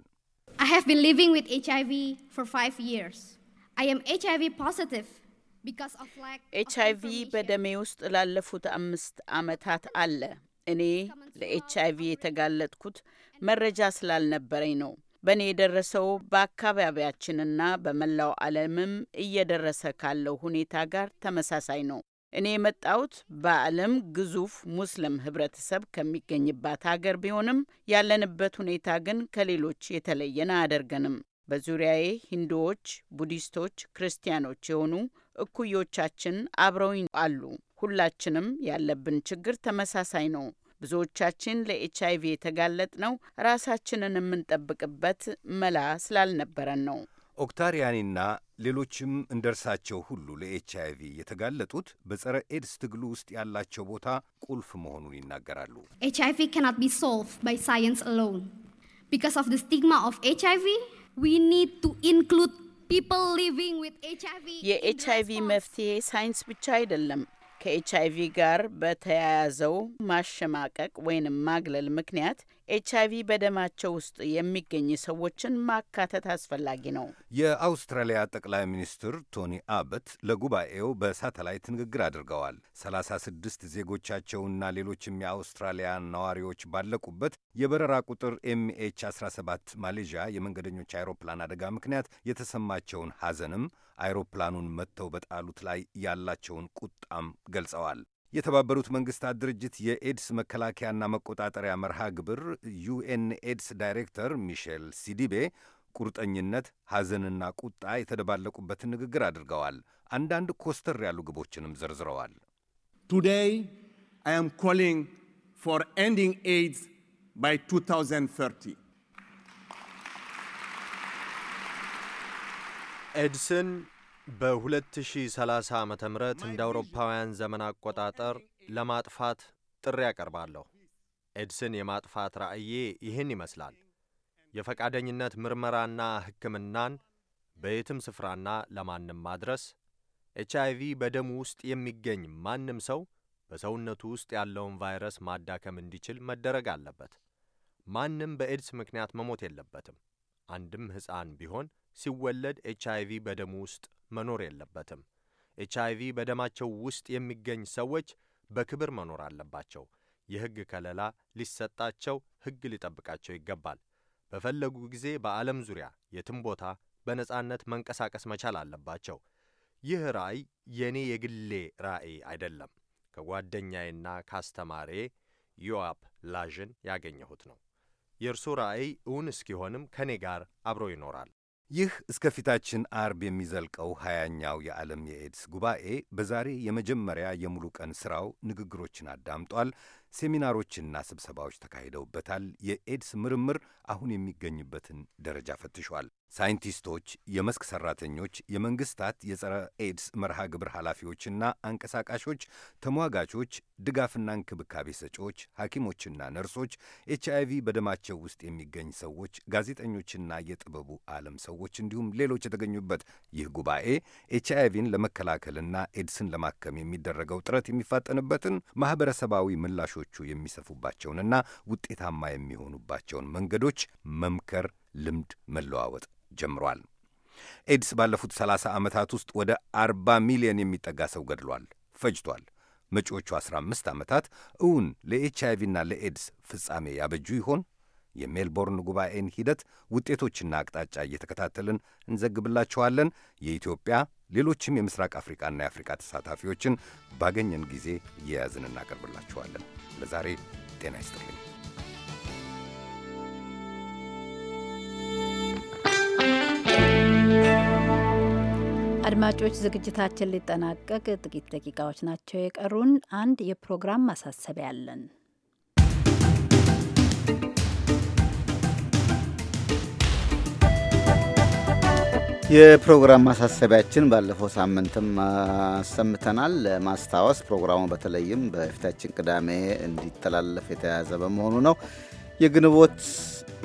ኤች አይቪ በደሜ ውስጥ ላለፉት አምስት ዓመታት አለ። እኔ ለኤች አይቪ የተጋለጥኩት መረጃ ስላልነበረኝ ነው። በእኔ የደረሰው በአካባቢያችንና በመላው ዓለምም እየደረሰ ካለው ሁኔታ ጋር ተመሳሳይ ነው። እኔ የመጣሁት በዓለም ግዙፍ ሙስሊም ህብረተሰብ ከሚገኝባት ሀገር ቢሆንም ያለንበት ሁኔታ ግን ከሌሎች የተለየን አያደርገንም። በዙሪያዬ ሂንዱዎች፣ ቡዲስቶች፣ ክርስቲያኖች የሆኑ እኩዮቻችን አብረውኝ አሉ። ሁላችንም ያለብን ችግር ተመሳሳይ ነው። ብዙዎቻችን ለኤች አይቪ የተጋለጥ ነው ራሳችንን የምንጠብቅበት መላ ስላልነበረን ነው። ኦክታሪያኒና ሌሎችም እንደርሳቸው ሁሉ ለኤች አይቪ የተጋለጡት በጸረ ኤድስ ትግሉ ውስጥ ያላቸው ቦታ ቁልፍ መሆኑን ይናገራሉ። ኤች አይቪ cannot be solved by science alone. ኦፍ of the stigma of HIV, we need to include የኤች አይቪ መፍትሄ ሳይንስ ብቻ አይደለም። ከኤች አይቪ ጋር በተያያዘው ማሸማቀቅ ወይንም ማግለል ምክንያት ኤች አይቪ በደማቸው ውስጥ የሚገኝ ሰዎችን ማካተት አስፈላጊ ነው። የአውስትራሊያ ጠቅላይ ሚኒስትር ቶኒ አበት ለጉባኤው በሳተላይት ንግግር አድርገዋል። 36 ዜጎቻቸውና ሌሎችም የአውስትራሊያ ነዋሪዎች ባለቁበት የበረራ ቁጥር ኤምኤች 17 ማሌዥያ የመንገደኞች አውሮፕላን አደጋ ምክንያት የተሰማቸውን ሐዘንም አይሮፕላኑን መጥተው በጣሉት ላይ ያላቸውን ቁጣም ገልጸዋል። የተባበሩት መንግስታት ድርጅት የኤድስ መከላከያና መቆጣጠሪያ መርሃ ግብር ዩኤን ኤድስ ዳይሬክተር ሚሼል ሲዲቤ ቁርጠኝነት፣ ሐዘንና ቁጣ የተደባለቁበትን ንግግር አድርገዋል። አንዳንድ ኮስተር ያሉ ግቦችንም ዘርዝረዋል። ቱዴይ አይ አም ኮሊንግ ፎር ኤንዲንግ ኤድስ ባይ 2030 ኤድሰን በ2030 ዓ ም እንደ አውሮፓውያን ዘመን አቆጣጠር ለማጥፋት ጥሪ ያቀርባለሁ። ኤድስን የማጥፋት ራዕዬ ይህን ይመስላል። የፈቃደኝነት ምርመራና ሕክምናን በየትም ስፍራና ለማንም ማድረስ፣ ኤች አይ ቪ በደሙ ውስጥ የሚገኝ ማንም ሰው በሰውነቱ ውስጥ ያለውን ቫይረስ ማዳከም እንዲችል መደረግ አለበት። ማንም በኤድስ ምክንያት መሞት የለበትም፣ አንድም ሕፃን ቢሆን ሲወለድ ኤች አይቪ በደሙ ውስጥ መኖር የለበትም። ኤች አይቪ በደማቸው ውስጥ የሚገኝ ሰዎች በክብር መኖር አለባቸው። የሕግ ከለላ ሊሰጣቸው፣ ሕግ ሊጠብቃቸው ይገባል። በፈለጉ ጊዜ በዓለም ዙሪያ የትም ቦታ በነጻነት መንቀሳቀስ መቻል አለባቸው። ይህ ራእይ የእኔ የግሌ ራዕይ አይደለም። ከጓደኛዬና ካስተማሬ ዮአፕ ላዥን ያገኘሁት ነው። የእርሱ ራእይ እውን እስኪሆንም ከእኔ ጋር አብሮ ይኖራል። ይህ እስከፊታችን አርብ የሚዘልቀው ሀያኛው የዓለም የኤድስ ጉባኤ በዛሬ የመጀመሪያ የሙሉ ቀን ስራው ንግግሮችን አዳምጧል። ሴሚናሮችና ስብሰባዎች ተካሂደውበታል። የኤድስ ምርምር አሁን የሚገኝበትን ደረጃ ፈትሿል። ሳይንቲስቶች፣ የመስክ ሠራተኞች፣ የመንግሥታት የጸረ ኤድስ መርሃ ግብር ኃላፊዎችና አንቀሳቃሾች፣ ተሟጋቾች፣ ድጋፍና እንክብካቤ ሰጪዎች፣ ሐኪሞችና ነርሶች፣ ኤች አይ ቪ በደማቸው ውስጥ የሚገኝ ሰዎች፣ ጋዜጠኞችና የጥበቡ ዓለም ሰዎች እንዲሁም ሌሎች የተገኙበት ይህ ጉባኤ ኤች አይ ቪን ለመከላከልና ኤድስን ለማከም የሚደረገው ጥረት የሚፋጠንበትን ማኅበረሰባዊ ምላሾ ድርጅቶቹ የሚሰፉባቸውንና ውጤታማ የሚሆኑባቸውን መንገዶች መምከር፣ ልምድ መለዋወጥ ጀምሯል። ኤድስ ባለፉት 30 ዓመታት ውስጥ ወደ 40 ሚሊዮን የሚጠጋ ሰው ገድሏል፣ ፈጅቷል። መጪዎቹ 15 ዓመታት እውን ለኤች አይቪና ለኤድስ ፍጻሜ ያበጁ ይሆን? የሜልቦርን ጉባኤን ሂደት ውጤቶችና አቅጣጫ እየተከታተልን እንዘግብላችኋለን። የኢትዮጵያ ሌሎችም የምስራቅ አፍሪቃና የአፍሪቃ ተሳታፊዎችን ባገኘን ጊዜ እየያዝን እናቀርብላችኋለን። ለዛሬ ጤና ይስጥልኝ። አድማጮች ዝግጅታችን ሊጠናቀቅ ጥቂት ደቂቃዎች ናቸው የቀሩን። አንድ የፕሮግራም ማሳሰቢያ አለን። የፕሮግራም ማሳሰቢያችን ባለፈው ሳምንትም አሰምተናል። ለማስታወስ ፕሮግራሙ በተለይም በፊታችን ቅዳሜ እንዲተላለፍ የተያዘ በመሆኑ ነው። የግንቦት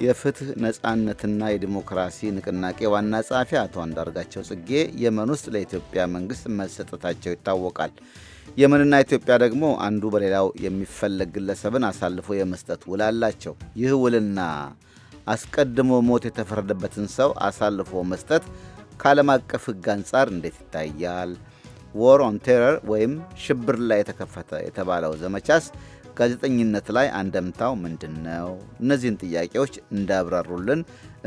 የፍትህ ነጻነትና የዲሞክራሲ ንቅናቄ ዋና ጸሐፊ አቶ አንዳርጋቸው ጽጌ የመን ውስጥ ለኢትዮጵያ መንግስት መሰጠታቸው ይታወቃል። የመንና ኢትዮጵያ ደግሞ አንዱ በሌላው የሚፈለግ ግለሰብን አሳልፎ የመስጠት ውል አላቸው። ይህ ውልና አስቀድሞ ሞት የተፈረደበትን ሰው አሳልፎ መስጠት ከዓለም አቀፍ ሕግ አንጻር እንዴት ይታያል? ዎር ኦን ቴረር ወይም ሽብር ላይ የተከፈተ የተባለው ዘመቻስ ጋዜጠኝነት ላይ አንደምታው ምንድን ነው? እነዚህን ጥያቄዎች እንዳብራሩልን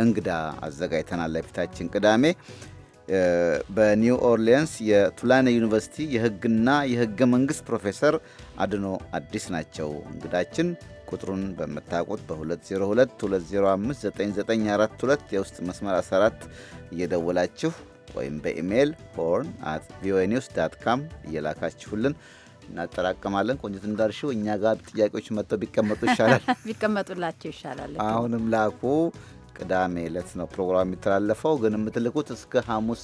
እንግዳ አዘጋጅተናል። ለፊታችን ቅዳሜ በኒው ኦርሊንስ የቱላኔ ዩኒቨርሲቲ የህግና የህገ መንግስት ፕሮፌሰር አድኖ አዲስ ናቸው እንግዳችን። ቁጥሩን በምታውቁት በ2022059942 የውስጥ መስመር 14 እየደወላችሁ ወይም በኢሜይል ሆርን አት ቪኦኤ ኒውስ ዳት ካም እየላካችሁልን እናጠራቀማለን። ቆንጅት እንዳልሽው እኛ ጋር ጥያቄዎች መጥተው ቢቀመጡ ይሻላል፣ ቢቀመጡላቸው ይሻላል። አሁንም ላኩ። ቅዳሜ ዕለት ነው ፕሮግራም የሚተላለፈው፣ ግን የምትልኩት እስከ ሐሙስ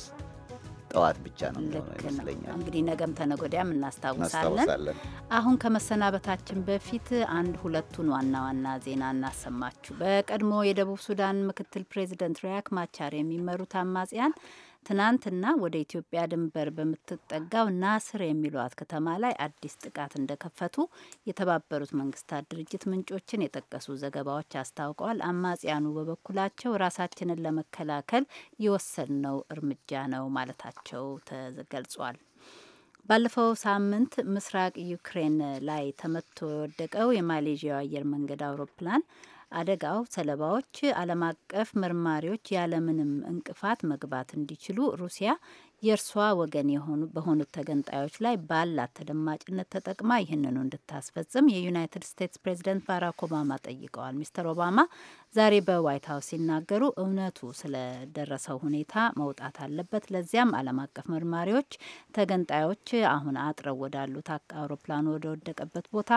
ጠዋት ብቻ ነው ይመስለኛል። እንግዲህ ነገም ተነጎዳያም እናስታውሳለን። አሁን ከመሰናበታችን በፊት አንድ ሁለቱን ዋና ዋና ዜና እናሰማችሁ። በቀድሞ የደቡብ ሱዳን ምክትል ፕሬዚደንት ሪያክ ማቻር የሚመሩት አማጽያን ትናንትና ወደ ኢትዮጵያ ድንበር በምትጠጋው ናስር የሚሏት ከተማ ላይ አዲስ ጥቃት እንደከፈቱ የተባበሩት መንግስታት ድርጅት ምንጮችን የጠቀሱ ዘገባዎች አስታውቀዋል። አማጽያኑ በበኩላቸው ራሳችንን ለመከላከል የወሰድነው እርምጃ ነው ማለታቸው ተገልጿል። ባለፈው ሳምንት ምስራቅ ዩክሬን ላይ ተመቶ የወደቀው የማሌዥያው አየር መንገድ አውሮፕላን አደጋው ሰለባዎች ዓለም አቀፍ መርማሪዎች ያለምንም እንቅፋት መግባት እንዲችሉ ሩሲያ የእርሷ ወገን በሆኑት ተገንጣዮች ላይ ባላት ተደማጭነት ተጠቅማ ይህንኑ እንድታስፈጽም የዩናይትድ ስቴትስ ፕሬዚደንት ባራክ ኦባማ ጠይቀዋል። ሚስተር ኦባማ ዛሬ በዋይት ሀውስ ሲናገሩ እውነቱ ስለደረሰው ሁኔታ መውጣት አለበት፣ ለዚያም ዓለም አቀፍ መርማሪዎች ተገንጣዮች አሁን አጥረው ወዳሉት አውሮፕላኑ ወደ ወደቀበት ቦታ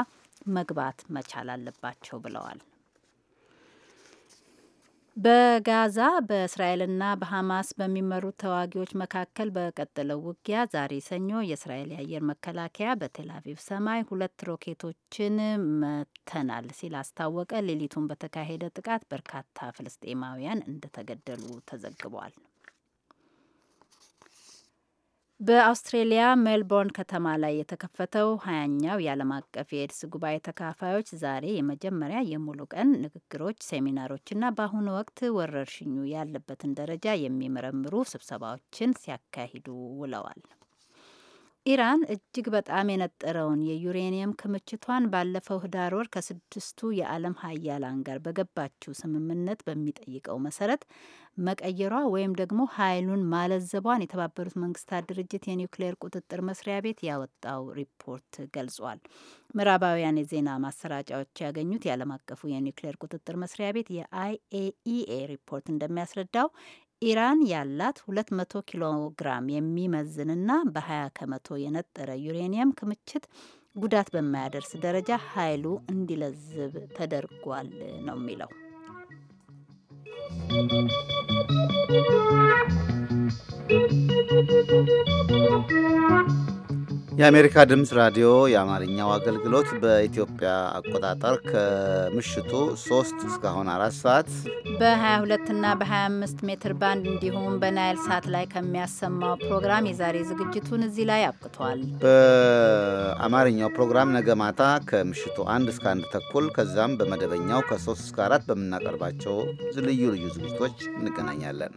መግባት መቻል አለባቸው ብለዋል። በጋዛ በእስራኤልና በሐማስ በሚመሩት ተዋጊዎች መካከል በቀጠለው ውጊያ ዛሬ ሰኞ የእስራኤል የአየር መከላከያ በቴል አቪቭ ሰማይ ሁለት ሮኬቶችን መተናል ሲል አስታወቀ። ሌሊቱን በተካሄደ ጥቃት በርካታ ፍልስጤማውያን እንደተገደሉ ተዘግቧል። በአውስትሬሊያ ሜልቦርን ከተማ ላይ የተከፈተው ሀያኛው የዓለም አቀፍ የኤድስ ጉባኤ ተካፋዮች ዛሬ የመጀመሪያ የሙሉ ቀን ንግግሮች፣ ሴሚናሮችና በአሁኑ ወቅት ወረርሽኙ ያለበትን ደረጃ የሚመረምሩ ስብሰባዎችን ሲያካሂዱ ውለዋል። ኢራን እጅግ በጣም የነጠረውን የዩሬኒየም ክምችቷን ባለፈው ህዳር ወር ከስድስቱ የዓለም ሀያላን ጋር በገባችው ስምምነት በሚጠይቀው መሰረት መቀየሯ ወይም ደግሞ ኃይሉን ማለዘቧን የተባበሩት መንግስታት ድርጅት የኒውክሌር ቁጥጥር መስሪያ ቤት ያወጣው ሪፖርት ገልጿል። ምዕራባውያን የዜና ማሰራጫዎች ያገኙት የዓለም አቀፉ የኒውክሌር ቁጥጥር መስሪያ ቤት የአይኤኢኤ ሪፖርት እንደሚያስረዳው ኢራን ያላት 200 ኪሎ ግራም የሚመዝንና በ20 ከመቶ የነጠረ ዩሬኒየም ክምችት ጉዳት በማያደርስ ደረጃ ኃይሉ እንዲለዝብ ተደርጓል ነው የሚለው። ¶¶ የአሜሪካ ድምፅ ራዲዮ የአማርኛው አገልግሎት በኢትዮጵያ አቆጣጠር ከምሽቱ 3 እስካሁን 4 ሰዓት በ22 እና በ25 ሜትር ባንድ እንዲሁም በናይል ሳት ላይ ከሚያሰማው ፕሮግራም የዛሬ ዝግጅቱን እዚህ ላይ አብቅቷል። በአማርኛው ፕሮግራም ነገ ማታ ከምሽቱ 1 እስከ 1 ተኩል ከዛም በመደበኛው ከ3 እስከ 4 በምናቀርባቸው ልዩ ልዩ ዝግጅቶች እንገናኛለን።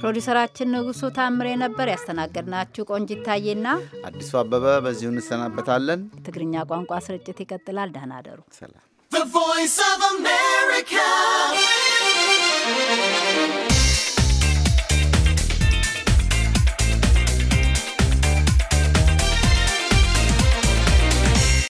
ፕሮዲውሰራችን ንጉሱ ታምሬ ነበር። ያስተናገድናችሁ ቆንጂት ታዬና አዲስ አዲሱ አበበ በዚሁ እንሰናበታለን። ትግርኛ ቋንቋ ስርጭት ይቀጥላል። ደህና አደሩ። ሰላም።